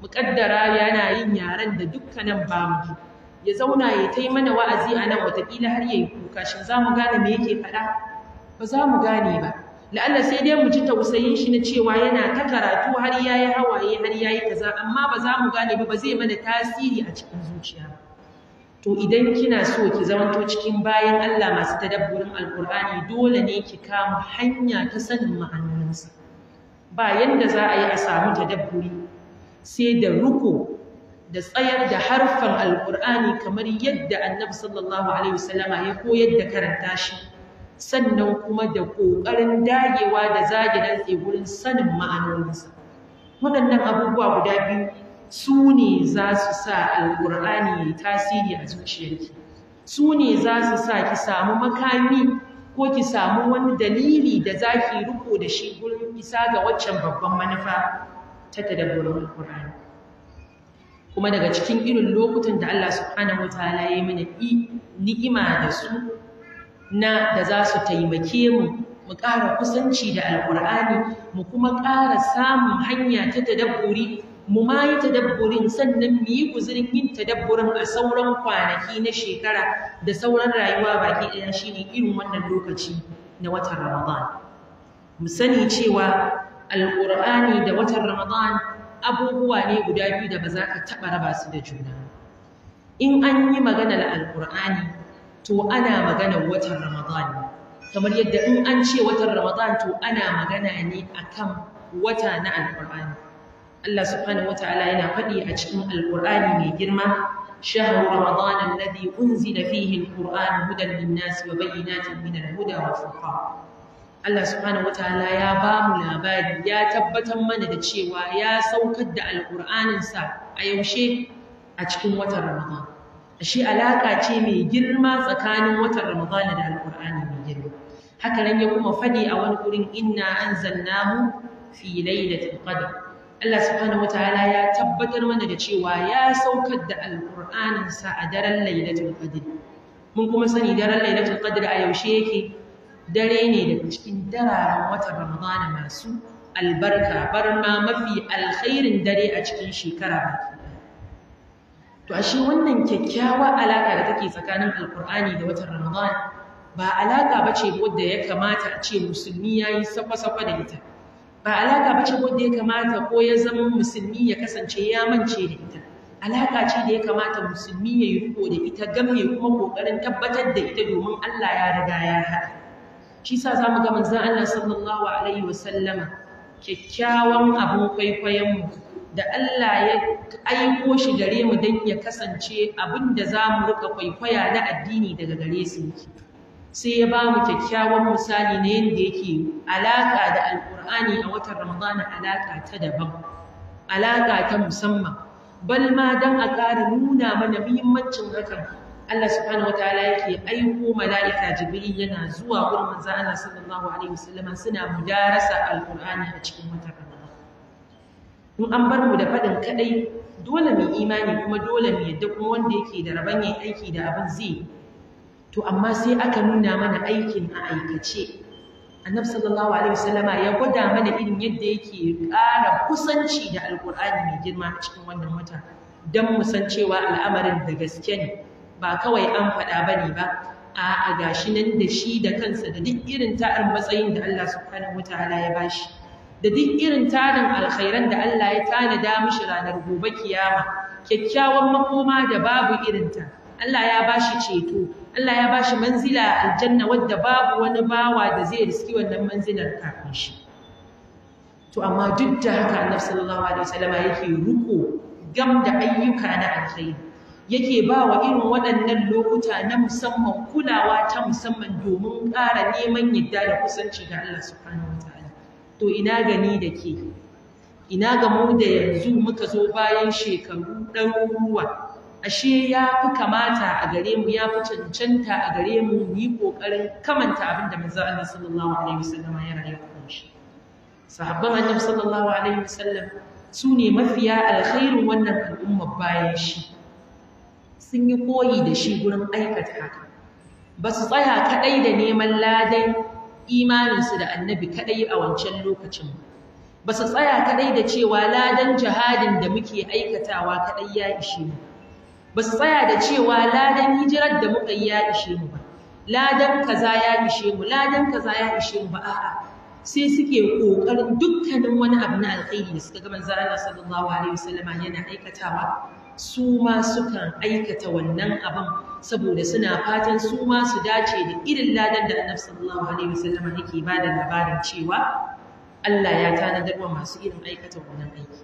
mu kaddara yana yin yaren da dukkanin ba mu ya zauna ya ta mana wa'azi a nan watakila har ya yi kuka shi za mu gane me yake faɗa ba za mu gane ba la'alla sai dai mu ji tausayin shi na cewa yana ta karatu har ya yi hawaye har ya yi kaza amma ba za mu gane ba ba zai mana tasiri a cikin zuciya to idan kina so ki zamanto cikin bayan Allah masu tadabburin alkur'ani dole ne ki kama hanya ta sanin ma'anoninsa ba yanda za a yi a samu tadabburi sai da ruko da tsayar da harfan alkur'ani kamar yadda annabi sallallahu alaihi wasallama ya koyar da karanta shi sannan kuma da ƙoƙarin dagewa da zage tsaye gurin sanin ma'anoninsa waɗannan abubuwa guda biyu su ne za su sa alkur'ani ya tasiri a zuciyarki su ne za su sa ki samu makami ko ki samu wani dalili da zaki ki da shi gurin isa ga waccan babban manufa ta tadabburin alkur'ani kuma daga cikin irin lokutan da Allah subhanahu wataala ya yi mana ni'ima da su na da za su taimake mu mu ƙara kusanci da alƙur'ani mu kuma ƙara samun hanya ta tadabburi mu ma yi tadabburin sannan mu yi guzirin yin tadabburin a sauran kwanaki na shekara da sauran rayuwa baki ɗaya shine irin wannan lokaci na watan ramadan mu sani cewa alƙur'ani da watan ramadan abubuwa ne guda biyu da ba za ka taɓa raba su da juna in an yi maganar alkur'ani to ana maganar watan ramadan kamar yadda in an ce watan ramadan to ana magana ne akan wata na Alƙur'ani. Allah subhanahu Ta'ala yana faɗi a cikin alkur'ani mai girma شهر رمضان الذي أنزل فيه القرآن هدى للناس وبينات huda الهدى والفرقان Allah subhanahu wataala ya ba mu labari ya tabbatar mana da cewa ya saukar da alƙur'aninsa a yaushe a cikin watan Ramadan shi alaka ce mai girma tsakanin watan Ramadan da alƙur'ani mai girma haka nan ya kuma fadi a wani gurin inna anzalnahu fi lailatul qadr Allah subhanahu wataala ya tabbatar mana da cewa ya saukar da alƙur'aninsa a daren lailatul qadr mun kuma sani daren lailatul qadr a yaushe yake dare ne daga cikin dararen watan ramadana masu albarka bar ma mafi alkhairin dare a cikin shekara baki to ashe wannan kyakkyawa alaka da take tsakanin alkur'ani da watan ramadan ba alaka bace wadda ya kamata a ce musulmi yayi safa-safa da ita ba alaka bace wadda ya kamata ko ya zama musulmi ya kasance ya mance da ita alaka ce da ya kamata musulmi ya yi riko da ita gamme kuma kokarin tabbatar da ita domin Allah ya riga ya haɗa shi sa za mu ga manzan Allah sallallahu alaihi wasallama kyakkyawan abin kwaikwayonmu da Allah ya aiko shi gare mu don ya kasance abin da za mu rika kwaikwaya na addini daga gare su sai ya ba mu kyakkyawan misali na yadda yake alaƙa da alƙur'ani a watan ramadana alaƙa ta daban alaƙa ta musamman bal ma don a ƙara nuna mana muhimmancin hakan Allah subhanahu wataala yake aiko mala'ika Jibril yana zuwa gurin manzo Allah sallallahu alaihi wasallam suna mudarasa alqur'ani a cikin wata Ramadan in an bar mu da fadin kadai dole mu imani kuma dole mu yadda kuma wanda yake da raban yin aiki da abin zai to amma sai aka nuna mana aikin a aikace annabi sallallahu alaihi wasallam ya gwada mana irin yadda yake ƙara kusanci da alqur'ani mai girma a cikin wannan wata dan mu san cewa al'amarin da gaske ne ba kawai an faɗa ba ne ba a gashi nan da shi da kansa da duk irin tarin matsayin da Allah subhanahu Ta'ala ya bashi da duk irin tarin alkhairan da Allah ya tanada mishi ranar gobe kiyama kyakkyawan makoma da babu irinta Allah ya bashi ceto Allah ya bashi manzila aljanna wadda babu wani bawa da zai riski wannan manzilar kafin shi to amma duk da haka Annabi sallallahu alaihi wasallam yake ruko gam da ayyuka na alkhairi yake ba wa irin waɗannan lokuta na musamman kulawa ta musamman domin ƙara neman yadda da kusanci ga Allah subhanahu wataala to ina gani da ke ina ga mu da yanzu muka zo bayan shekaru ɗaruruwa ashe ya fi kamata a gare mu ya fi cancanta a gare mu yi ƙoƙarin kamanta abin da manzo Allah sallallahu alaihi wasallam ya rayu da shi sahabban annabi sallallahu alaihi wasallam su ne mafiya alkhairin wannan al'ummar bayan shi sun yi koyi da shi gurin aikata haka ba su tsaya kaɗai da neman ladan imaninsu da annabi kaɗai a wancan lokacin ba su tsaya kaɗai da cewa ladan jihadin da muke aikatawa kaɗai ya ishe mu ba su tsaya da cewa ladan hijirar da muka yi ya ishe mu ba ladan kaza ya ishe mu ladan kaza ya ishe mu ba a'a sai suke ƙoƙarin dukkanin wani abu na alkhairi da suka ga manzo Allah sallallahu alaihi wasallam yana aikatawa su ma sukan aikata wannan abin saboda suna fatan su ma su dace da irin ladan da Annabi sallallahu alaihi wasallam yake ba da labarin cewa Allah ya tanadar wa masu irin aikata wannan aiki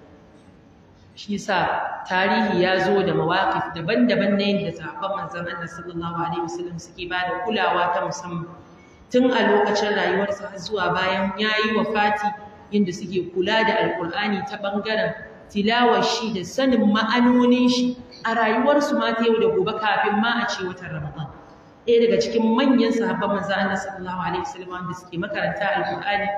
shi yasa tarihi ya zo da mawaƙif daban-daban na yadda sahabban manzon Allah sallallahu alaihi wasallam suke ba da kulawa ta musamman tun a lokacin rayuwarsa har zuwa bayan ya yi wa fati inda suke kula da alkur'ani ta ɓangaren tilawar shi da sanin ma'anonin shi a rayuwarsu ma ta yau da gobe kafin ma a ce watan ramadan ɗaya daga cikin manyan sahabban manzo Allah sallallahu alaihi wasallam da suke makaranta alkur'ani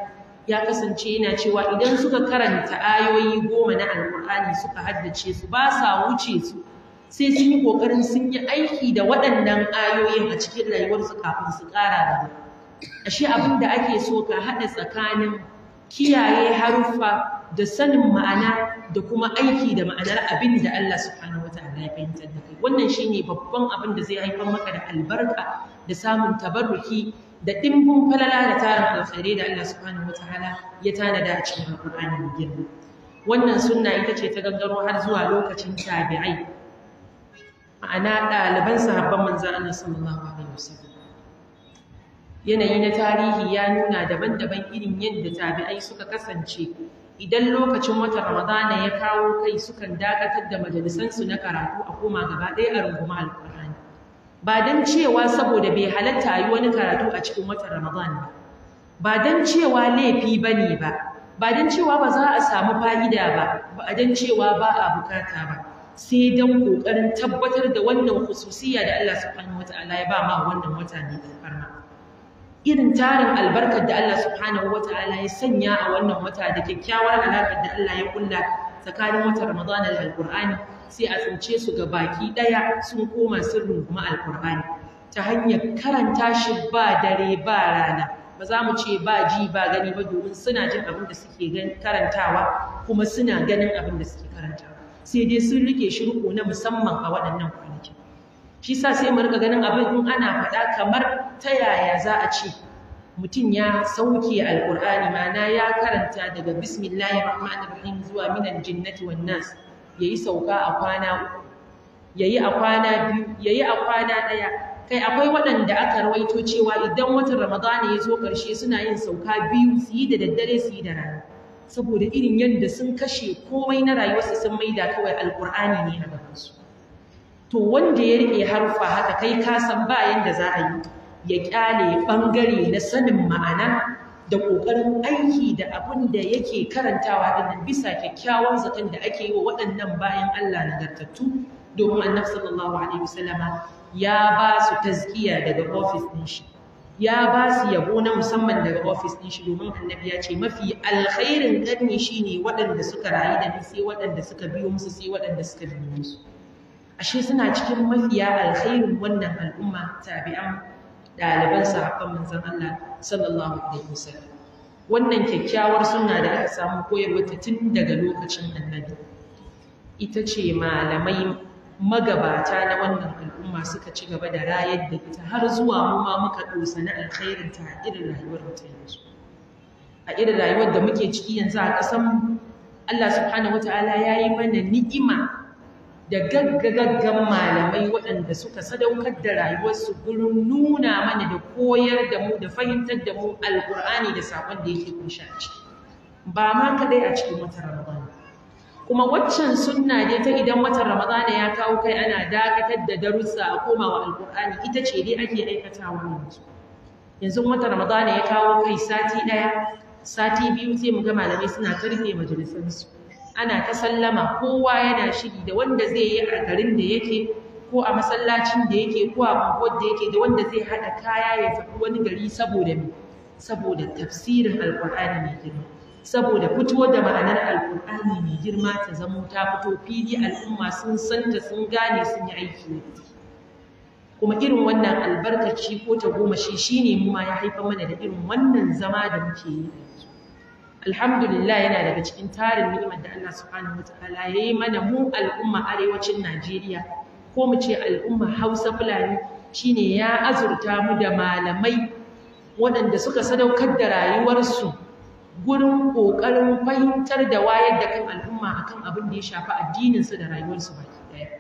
ya kasance yana cewa idan suka karanta ayoyi goma na alkur'ani suka haddace su ba sa wuce su sai sun yi ƙoƙarin sun yi aiki da waɗannan ayoyin a cikin rayuwarsu kafin su ƙara gaba ashe abin da ake so ka haɗa tsakanin kiyaye haruffa da sanin ma'ana da kuma aiki da ma'anar abin da Allah subhanahu wataala ya fahimtar da kai wannan shine babban abin da zai haifar maka da albarka da samun tabarruki da dimbin falala da tarin alkhairai da Allah subhanahu wataala ya tanada a cikin Alƙur'ani mai girma wannan sunna ita ce ta gangaro har zuwa lokacin tabi'ai ma'ana ɗaliban sahabban manzon Allah sallallahu alaihi wasallam yanayi na tarihi ya nuna daban-daban irin yadda tabi'ai suka kasance idan lokacin watan ramadana ya kawo kai sukan dakatar da majalisansu na karatu a koma gaba ɗaya a rungumar alƙur'ani ba don cewa saboda bai halatta yi wani karatu a cikin watan ramadana ba don cewa laifi ba ne ba ba don cewa ba za a samu fa'ida ba ba don cewa ba a bukata ba sai don ƙoƙarin tabbatar da wannan hususiya da Allah subhanahu wata'ala ya ba ma wannan wata ne irin tarin albarkar da Allah subhanahu Ta'ala ya sanya a wannan wata da kyakkyawar alaƙar da Allah ya kulla tsakanin watan Ramadana da Alƙur'ani sai a tsince su ga baki ɗaya sun koma sirrin kuma Alƙur'ani ta hanyar karanta shi ba dare ba rana ba za mu ce ba ji ba gani ba domin suna jin abin da suke karantawa kuma suna ganin abin da suke karantawa sai dai sun rike shi na musamman a waɗannan kwanakin shi sa sai mu rika ganin abin in ana faɗa kamar ta yaya za a ce mutum ya sauke alƙur'ani ma'ana ya karanta daga bismillahir rahmanir rahim zuwa minan jinnati wan nas yayi sauka a kwana yayi a kwana biyu yayi a kwana daya kai akwai waɗanda aka rawaito cewa idan watan ramadana ya zo ƙarshe suna yin sauka biyu su yi da daddare su yi da rana saboda irin yadda sun kashe komai na rayuwarsu sun maida kawai alƙur'ani ne a gabansu to wanda ya riƙe harfa haka kai ka san ba yanda za a yi ya ƙyale ɓangare na sanin ma'ana da ƙoƙarin aiki da abin da yake karantawa dinnan bisa kyakkyawan zaton da ake yi wa waɗannan bayan Allah nagartattu domin annabi sallallahu alaihi wasallama ya ba su tazkiya daga ofis din shi ya ba su yabo na musamman daga ofis din shi domin annabi ya ce mafi alkhairin ƙarni shine waɗanda suka rayu da ni sai waɗanda suka biyo musu sai waɗanda suka biyo musu ashe suna cikin mafiya alkhairin wannan al'umma tabi'an ɗaliban sahabban manzon Allah sallallahu alaihi wasallam wannan kyakkyawar sunna da aka samu koyarwa ta tun daga lokacin annabi ita ce malamai magabata na wannan al'umma suka ci gaba da rayar da ita har zuwa mu ma muka dosa na alkhairin ta a irin rayuwar mu ta yanzu a irin rayuwar da muke ciki yanzu a ƙasar Allah subhanahu wataala yi mana ni'ima da gaggagaggan malamai waɗanda suka sadaukar da rayuwarsu gurin nuna mana da koyar da mu da fahimtar da mu alƙur'ani da saƙon da yake kunshi a ciki ba ma kaɗai a cikin watan ramadana kuma waccan sunna ne ta idan watan ramadana ya kawo kai ana dakatar da darussa a komawa alƙur'ani ita ce dai ake aikatawa yanzu yanzu watan ramadana ya kawo kai sati ɗaya sati biyu zai mu ga malamai suna karfe majalisansu ana ta sallama kowa yana shiri da wanda zai yi a garin da yake ko a masallacin da yake ko a babban da yake da wanda zai haɗa kaya ya tafi wani gari saboda me saboda tafsirin alƙur'ani mai girma saboda fito da ma'anar alƙur'ani mai girma ta zamo ta fito fili al'umma sun santa sun gane sun yi aiki kuma irin wannan albarkaci ko ta goma shi shine mu ma ya haifa mana da irin wannan zama da muke yi alhamdulillah yana daga cikin tarin ni'imar da Allah subhanahu wataala ya yi mana mu al'umma arewacin Najeriya ko mu ce al'umma Hausa Fulani shine ya azurta mu da malamai waɗanda suka sadaukar da rayuwarsu gurin ƙoƙarin fahimtar da wayar da kan al'umma akan abin da ya shafi addininsu da rayuwarsu baki ɗaya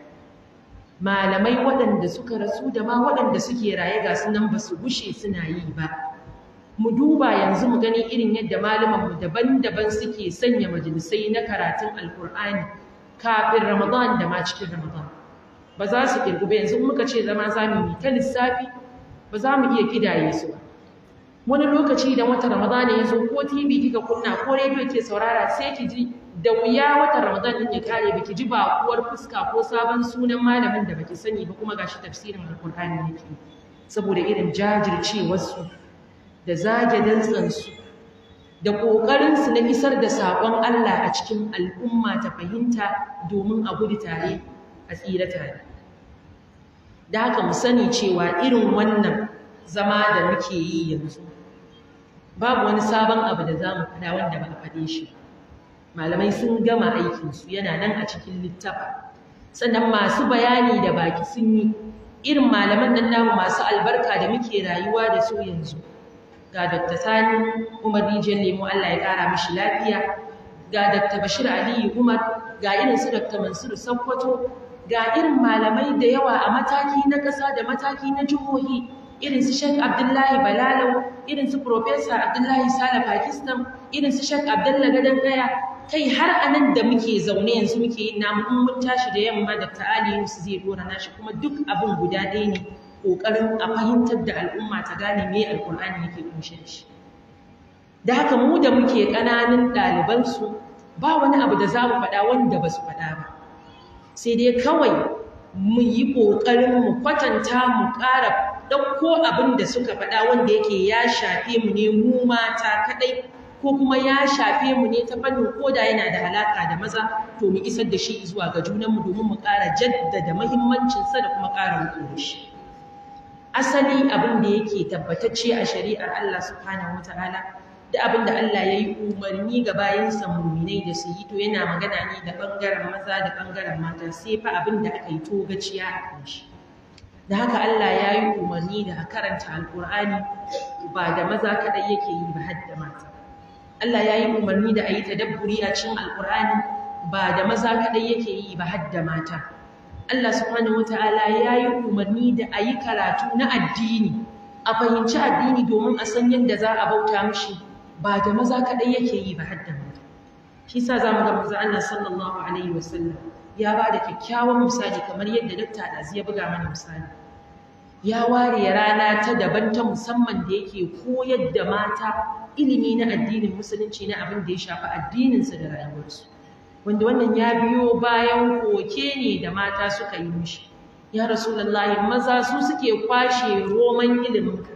malamai waɗanda suka rasu da ma waɗanda suke raye ga su nan ba su gushe suna yi ba mu duba yanzu mu gani irin yadda malaman mu daban-daban suke sanya majalisai na karatun alkur'ani kafin ramadan da ma cikin ramadan ba za su kirgu yanzu muka ce zama za mu yi ta lissafi ba za mu iya kidaye su ba wani lokaci da wata ramadan ya zo ko tv kika kunna ko rediyo ke saurara sai ki ji da wuya wata ramadan din ya kare baki ji bakuwar fuska ko sabon sunan malamin da baki sani ba kuma gashi tafsirin alkur'ani yake saboda irin jajircewar su da zage dantsansu da ƙoƙarinsu na isar da saƙon Allah a cikin al'umma ta fahimta domin a gudu tare a tsira tare. Da haka mu sani cewa irin wannan zama da muke yi yanzu babu wani sabon abu da za mu fada wanda ba a faɗe shi malamai sun gama aikinsu yana nan a cikin littafa sannan masu bayani da baki sun yi irin malaman nan namu masu albarka da muke rayuwa da su yanzu ga Dr. Sani Umar Rijiyar Lemo Allah ya ƙara mashi lafiya, ga Dr. Bashir Aliyu Umar, ga irin su Dr. Mansur Sakkwato, ga irin malamai da yawa a mataki na ƙasa da mataki na jihohi, irin su Sheikh Abdullahi Balalau, irin su Professor Abdullahi Sale Pakistan, irin su Sheikh Abdullahi Gadon Gaya, kai har a nan da muke zaune yanzu muke yin namu in mun tashi da yamma Dr. Ali Yusuf zai dora nashi kuma duk abin guda ɗaya ne. ƙoƙarin a fahimtar da al'umma ta gane me alƙur'ani yake ƙunshin shi da haka mu da muke ƙananan ɗalibansu ba wani abu da za mu faɗa wanda ba su faɗa ba sai dai kawai mu yi ƙoƙarin mu kwatanta mu ƙara ɗauko abin da suka faɗa wanda yake ya shafe mu ne mu mata kaɗai ko kuma ya shafe mu ne ta fannin koda yana da alaƙa da maza to mu isar da shi zuwa ga junanmu domin mu ƙara jaddada muhimmancinsa da kuma ƙara mu shi. asali abin da yake tabbatacce a shari'ar Allah subhanahu wataala da abin da Allah ya yi umarni ga bayansa muminai da su yi to yana magana ne da ɓangaren maza da ɓangaren mata sai fa abin da aka yi gaciya a kan shi da haka Allah ya yi umarni da a karanta alƙur'ani ba da maza kaɗai yake yi ba har da mata Allah ya yi umarni da a yi tadabburi a cikin alƙur'ani ba da maza kaɗai yake yi ba har da mata Allah subhanahu ya yi umarni da a yi karatu na addini a fahimci addini domin a san yadda za a bauta mishi ba da maza kaɗai yake yi ba da mata shi sa za mu ga maza Allah sallallahu alaihi wasallam ya ba da kyakkyawan misali kamar yadda dakta ɗazi ya buga mana misali ya ware rana ta daban ta musamman da yake koyar da mata ilimi na addinin musulunci na abin da ya shafi addininsa da rayuwarsu wanda wannan ya biyo bayan koke ne da mata suka yi mishi ya rasulullahi maza su suke kwashe roman ilimin ka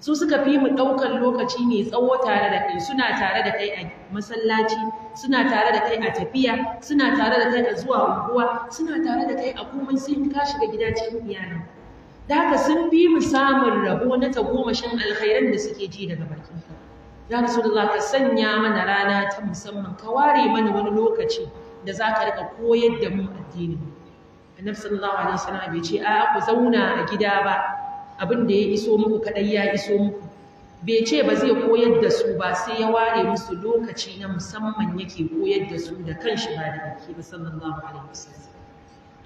su suka fi mu ɗaukar lokaci mai tsawo tare da kai suna tare da kai a masallaci suna tare da kai a tafiya suna tare da kai a zuwa unguwa suna tare da kai a komai sai ka shiga gida cikin iyana da haka sun fi mu samun rabo na tagomashin alkhairan da suke ji daga bakin ya rasulullah ka sanya mana rana ta musamman ka ware mana wani lokaci da za ka rika koyar da mu addini Annab sallallahu alaihi wasallam bai ce a ku zauna a gida ba abin da ya iso muku kadai ya iso muku bai ce ba zai koyar da su ba sai ya ware musu lokaci na musamman yake koyar da su da kanshi ba da baki ba sallallahu alaihi wasallam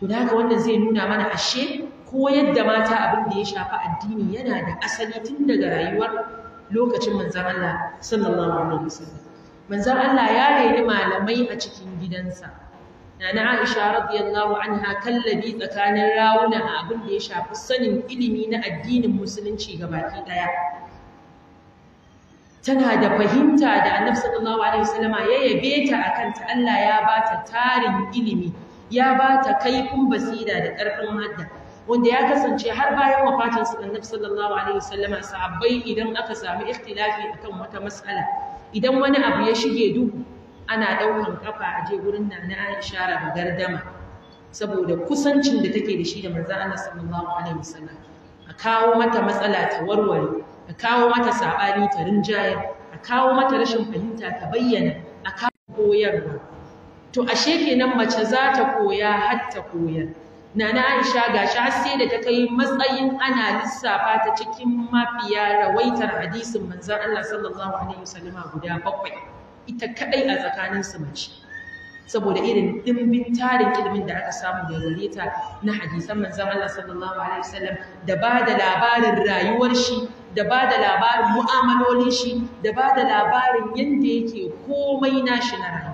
to da haka wannan zai nuna mana ashe koyar da mata abin da ya shafi addini yana da asali tun daga rayuwar lokacin manzan Allah sallallahu alaihi wasallam manzan Allah ya raini malamai a cikin gidansa nana Aisha radiyallahu anha kallabi tsakanin rawuna a abin da ya shafi sanin ilimi na addinin musulunci gabaki daya tana da fahimta da annabi sallallahu alaihi wasallama ya yabe ta a kanta Allah ya bata tarin ilimi ya bata kaifin basira da ƙarfin hadda wanda ya kasance har bayan wafatin su annabi sallallahu alaihi wasallama sahabbai idan aka sami ikhtilafi akan wata mas'ala idan wani abu ya shige duhu ana daukan kafa a je gurin nana Aisha da gardama saboda kusancin da take da shi da manzon Allah sallallahu alaihi wasallam a kawo mata matsala ta warware a kawo mata sabani ta rinjaye a kawo mata rashin fahimta ta bayyana a kawo koyarwa to ashe kenan mace za ta koya har ta koyar Nana Aisha gashi har sai da ta kai matsayin ana lissafa ta cikin mafiya rawaitar hadisin manzon Allah sallallahu alaihi wasallama guda bakwai ita kadai a tsakanin su mace saboda irin dimbin tarin ilimin da aka samu da gareta na hadisan manzon Allah sallallahu alaihi wasallam da ba da labarin rayuwar shi da ba da labarin mu'amalolin shi da ba da labarin yadda yake komai nashi na rayuwa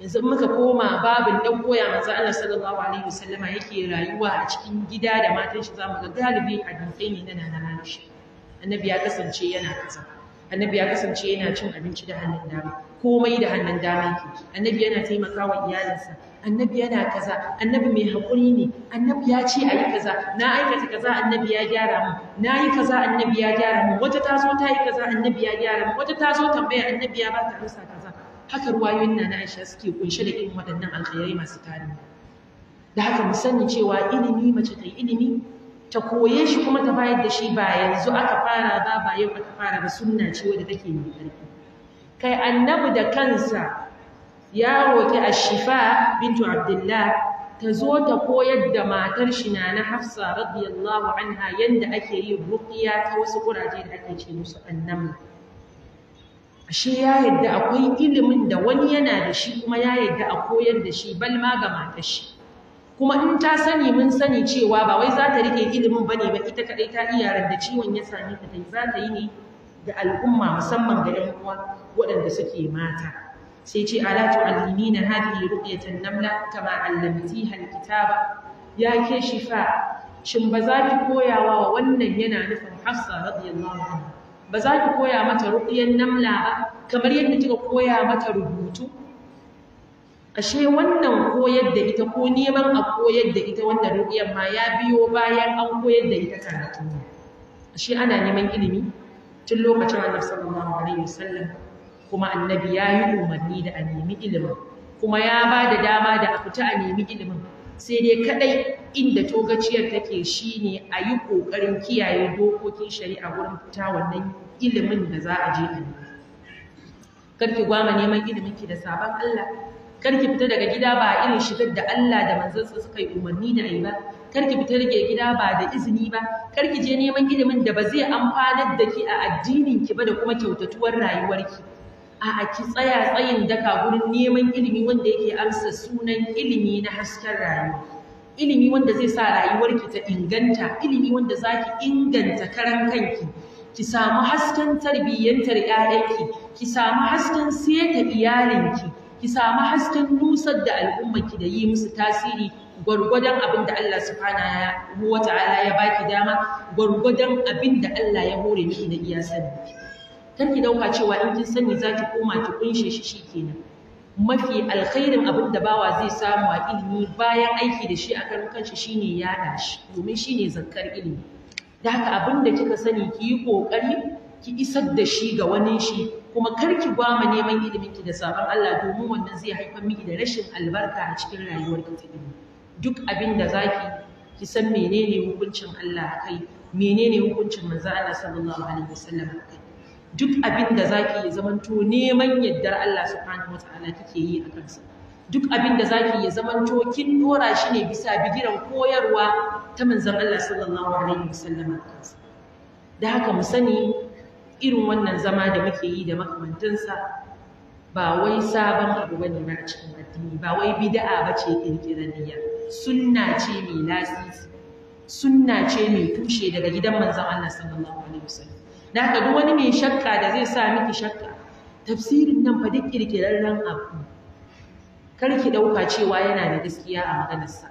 yanzu muka koma babin ɗan koya manzo Allah sallallahu alaihi wasallama yake rayuwa a cikin gida da matan shi zamu ga galibi hadisai ne na nana shi. annabi ya kasance yana kaza annabi ya kasance yana cin abinci da hannun dama komai da hannun dama yake annabi yana taimaka wa iyalinsa annabi yana kaza annabi mai haƙuri ne annabi ya ce ayi kaza na aikata kaza annabi ya gyara mu na yi kaza annabi ya gyara mu wata ta zo ta yi kaza annabi ya gyara mu wata ta zo tambaya annabi ya ba ta amsa haka ruwayoyin na Aisha suke kunshe da irin waɗannan alkhairai masu tarihi. da haka mu sani cewa ilimi mace ta ilimi ta koye shi kuma ta bayar da shi ba yanzu aka fara ba ba yau aka fara ba sunna ce wadda take mai ƙarfi kai annabi da kansa ya roƙi ashifa bintu abdullah ta zo ta koyar da matar shi na na hafsa radiyallahu anha yanda ake yin ruqiya ta wasu kuraje da ake ce musu annamla shi ya yadda akwai ilimin da wani yana da shi kuma ya yadda a koyar da shi balma ma ga matar shi kuma in ta sani mun sani cewa ba wai za ta rike ilimin bane ba ita kadai ta iya da ciwon ya same ta kai, za ta yi ne da al'umma musamman ga ƴan uwa waɗanda suke mata sai ce ala al'imina hadhihi ruqyatan namla kama allamtiha alkitaba ya ke shifa shin ba za ki koyawa wa wannan yana nufin hafsa radiyallahu anha ba za ki koya mata ruƙiyar namla ba kamar yadda kika koya mata rubutu ashe wannan koyar da ita ko neman a koyar da ita wannan ruƙiyar ma ya biyo bayan an koyar da ita karatu ashe ana neman ilimi tun lokacin annabi sallallahu alaihi wasallam kuma annabi ya yi umarni da a nemi ilimin kuma ya ba da dama da a fita a nemi ilimin sai dai kadai inda togaciyar take shine a yi ƙoƙarin kiyaye dokokin shari'a wurin fita wannan ilimin da za a je a karki gwama neman ilimin ki da sabon Allah karki fita daga gida ba irin shigar da Allah da manzansa suka yi umarni da ai ba karki fita daga gida ba da izini ba karki je neman ilimin da ba zai amfanar da ki a addinin ki ba da kuma kyautatuwar rayuwarki a ki tsaya tsayin daka gurin neman ilimi wanda yake amsa sunan ilimi na hasken rayuwa ilimi wanda zai sa rayuwarki ta inganta ilimi wanda za ki inganta karan kanki ki samu hasken tarbiyyantar 'ya'yanki ki samu hasken seta iyalinki ki samu hasken nusar da al'ummarki da yi musu tasiri gwargwadon abin da Allah subhanahu wa ta'ala ya baki dama gwargwadon abin da Allah ya hore miki na iya sani kar ki dauka cewa in kin sani za ki koma ki kunshe shi kenan. mafi alkhairin abin da bawa zai samu a ilimi bayan aiki da shi a karan kanshi shine yada shi domin shine zakkar ilimi da haka abin da kika sani ki yi kokari ki isar da shi ga wani shi kuma kar ki gwama neman ilimin ki da sabon Allah domin wannan zai haifar miki da rashin albarka a cikin rayuwar ki ta ilimi duk abin da zaki ki san menene hukuncin Allah Kai? menene hukuncin manzo Allah sallallahu alaihi wasallam Kai? duk abin da zaki ya zamanto neman yaddar Allah subhanahu wataala kike yi a kansa duk abin da zaki ya zamanto kin dora shi ne bisa bigiran koyarwa ta manzon Allah sallallahu alaihi wasallam a da haka mu sani irin wannan zama da muke yi da makamantansa ba wai sabon abu bane ba a cikin addini ba wai bid'a bace kirkiraniya sunna ce mai lasisi sunna ce mai tushe daga gidan manzon Allah sallallahu alaihi wasallam da haka duk wani mai shakka da zai sa miki shakka tafsirin nan fa duk kirkirarren abu kar ki dauka cewa yana da gaskiya a maganarsa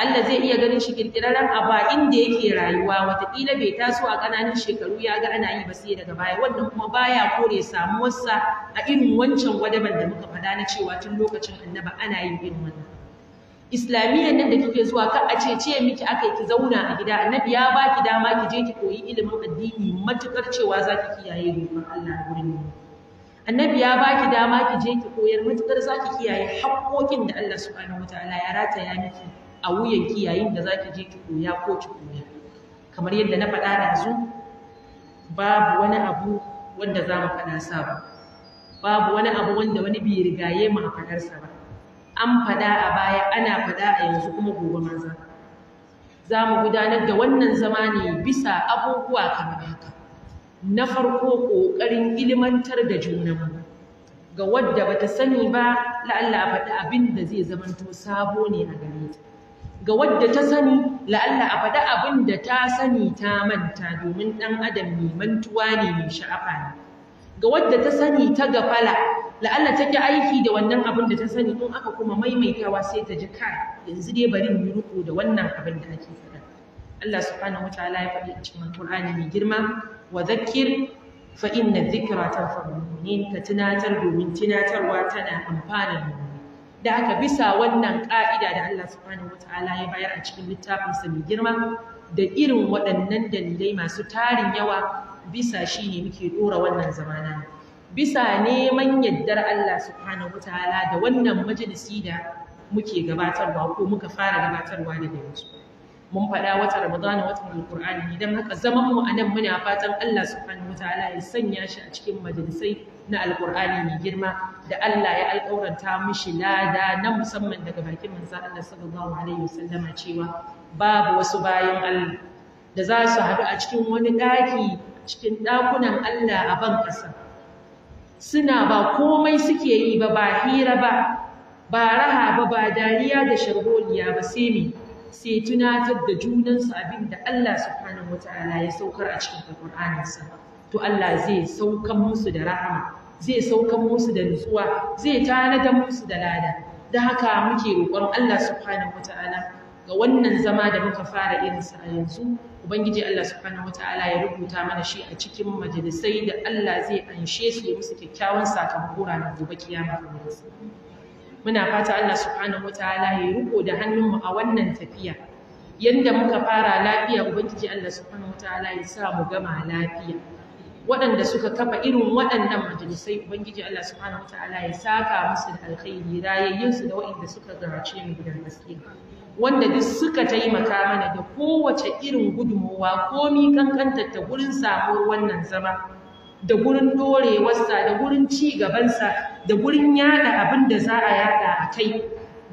Allah zai iya ganin shi kirkirarren abu inda yake rayuwa wata kila bai taso a ƙananan shekaru ya ga ana yi ba sai daga baya wannan kuma baya kore samuwarsa a irin wancan gwadaban da muka faɗa na cewa tun lokacin annaba ana yin irin wannan islamiyyar nan da kike zuwa ka a cece miki aka ki zauna a gida annabi ya baki dama ki je ki koyi ilimin addini matukar cewa za ki kiyaye dokar Allah a wurin annabi ya baki dama ki je ki koyar matukar za ki kiyaye haƙƙoƙin da Allah subhanahu wataala ya rataya miki a wuyan ki yayin da za ki je ki koya ko ki koya kamar yadda na faɗa yanzu babu wani abu wanda za mu faɗa sa ba babu wani abu wanda wani bai rigaye mu a faɗarsa ba an faɗa a baya ana faɗa a yanzu kuma gobe maza za mu gudanar da wannan zama ne bisa abubuwa kamar haka na farko ƙoƙarin ilimantar da junanmu ga wadda bata sani ba la'alla a faɗi abin da zai zamanto sabo ne a gare ta ga wadda ta sani la'alla a faɗi abin da ta sani ta manta domin ɗan adam mai mantuwa ne mai sha'afa ne ga wadda ta sani ta gafala la'alla ta ki aiki da wannan abin da ta sani in aka kuma maimaitawa sai ta ji kai yanzu dai bari mu riko da wannan abin da ake faɗa Allah subhanahu wataala ya faɗi a cikin Alƙur'ani mai girma wa zakkir fa inna dhikra tanfa'u mu'minin ka tunatar domin tunatarwa tana amfana mu'min da aka bisa wannan ƙa'ida da Allah subhanahu wata'ala ya bayar a cikin littafinsa mai girma da irin waɗannan dalilai masu tarin yawa bisa shi ne muke dora wannan zamana bisa neman yaddar Allah subhanahu da wannan majalisi da muke gabatarwa ko muka fara gabatarwa daga yanzu mun faɗa wata ramadana watan alƙur'ani idan haka zaman mu anan muna fatan Allah subhanahu wataala ya sanya shi a cikin majalisai na alƙur'ani mai girma da Allah ya alƙauranta mishi lada na musamman daga bakin manzo Allah sallallahu alaihi wasallama cewa babu wasu bayan Allah da za su haɗu a cikin wani ɗaki cikin ɗakunan Allah a ban ƙasa suna ba komai suke yi ba ba hira ba ba raha ba ba dariya da sharholiya ba sai me sai tunatar da junansu abin da Allah subhanahu wataala ya saukar a cikin alƙur'aninsa to Allah zai saukan musu da rahama zai saukan musu da nutsuwa zai tanada musu da lada da haka muke roƙon Allah subhanahu wataala ga wannan zama da muka fara irinsa a yanzu ubangiji Allah subhanahu wataala ya rubuta mana shi a cikin majalisai da Allah zai anshe su ya musu kyakkyawan sakamako ranar gobe kiyama muna fata Allah subhanahu wataala ya riko da hannunmu a wannan tafiya yanda muka fara lafiya ubangiji Allah subhanahu wataala ya sa mu gama lafiya waɗanda suka kafa irin waɗannan majalisai ubangiji Allah subhanahu wataala ya saka musu da alkhairi rayayyinsu da waɗanda suka garace mu gidan gaskiya wanda duk suka taimaka mana da kowace irin gudunmowa komi kankanta ta gurin samuwar wannan zama da gurin dorewarsa da gurin ci gabansa da gurin yada abin da za a yada a kai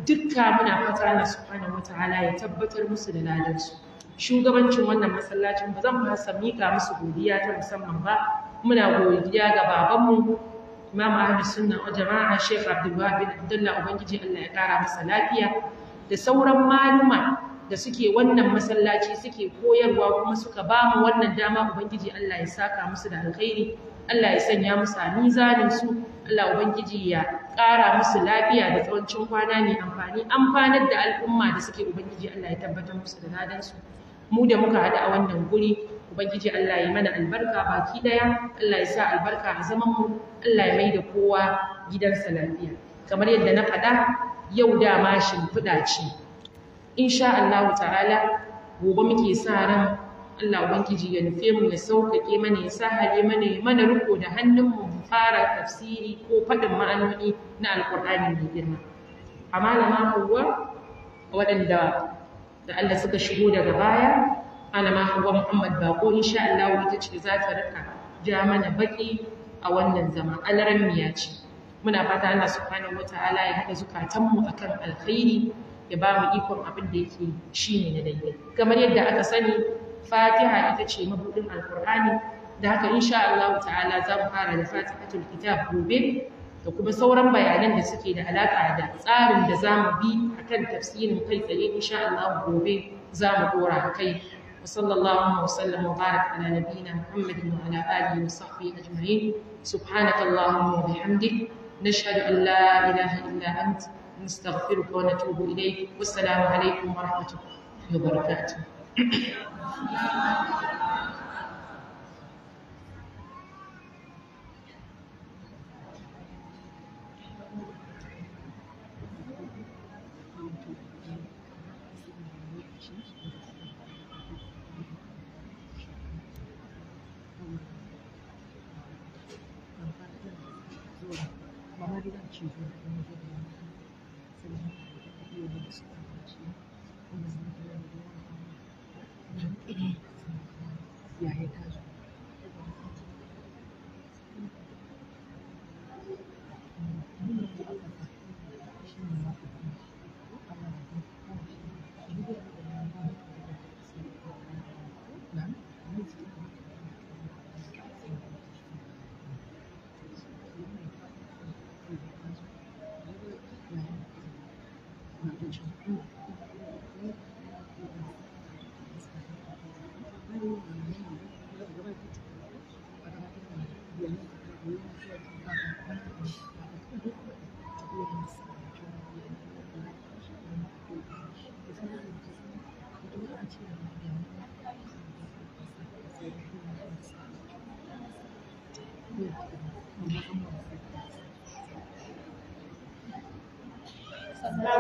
dukka muna fata na wata wataala ya tabbatar musu da ladarsu shugabancin wannan masallacin ba zan fasa mika musu godiya ta musamman ba muna godiya ga babanmu Imam Ahlus Sunna wa Jama'a shek Abdul da bin ubangiji Allah ya kara masa lafiya da sauran maluma da suke wannan masallaci suke koyarwa kuma suka ba mu wannan dama ubangiji Allah ya saka musu da alkhairi Allah ya sanya musu a mizanin su Allah ubangiji ya ƙara musu lafiya da tsawancin kwana mai amfani amfanar da al'umma da suke ubangiji Allah ya tabbatar musu da ladan su mu da muka haɗu a wannan guri ubangiji Allah ya mana albarka baki daya Allah ya sa albarka a zaman mu Allah ya mai da kowa gidansa lafiya kamar yadda na faɗa yau dama shimfiɗa ce insha Allah ta'ala gobe muke sa ran Allah ubangiji ya nufe mu ya sauƙaƙe mana ya sahale mana ya mana riko da hannun mu fara tafsiri ko faɗin ma'anoni na alƙur'ani mai girma a malama Hauwa waɗanda da Allah suka shigo daga baya malama Hauwa Muhammad Bako insha Allah ita ce za ta rika ja mana baki a wannan zama alaran miya ce muna fata Allah subhanahu wata'ala ya haɗa zukatanmu akan alkhairi ya ba mu ikon abin da yake ne na daidai kamar yadda aka sani Fatiha ita ce mabudin alkur'ani da haka insha Allah ta'ala za mu fara da Fatihatul Kitab gobe da kuma sauran bayanan da suke da alaƙa da tsarin da za mu bi a kan tafsirin kai tsaye insha Allah gobe za mu dora kai wa sallallahu wa sallam wa baraka ala nabiyina Muhammadin wa ala alihi wa sahbihi نشهد أن لا إله إلا أنت نستغفرك ونتوب إليك والسلام عليكم ورحمة الله وبركاته Yeah, it has. Gracias.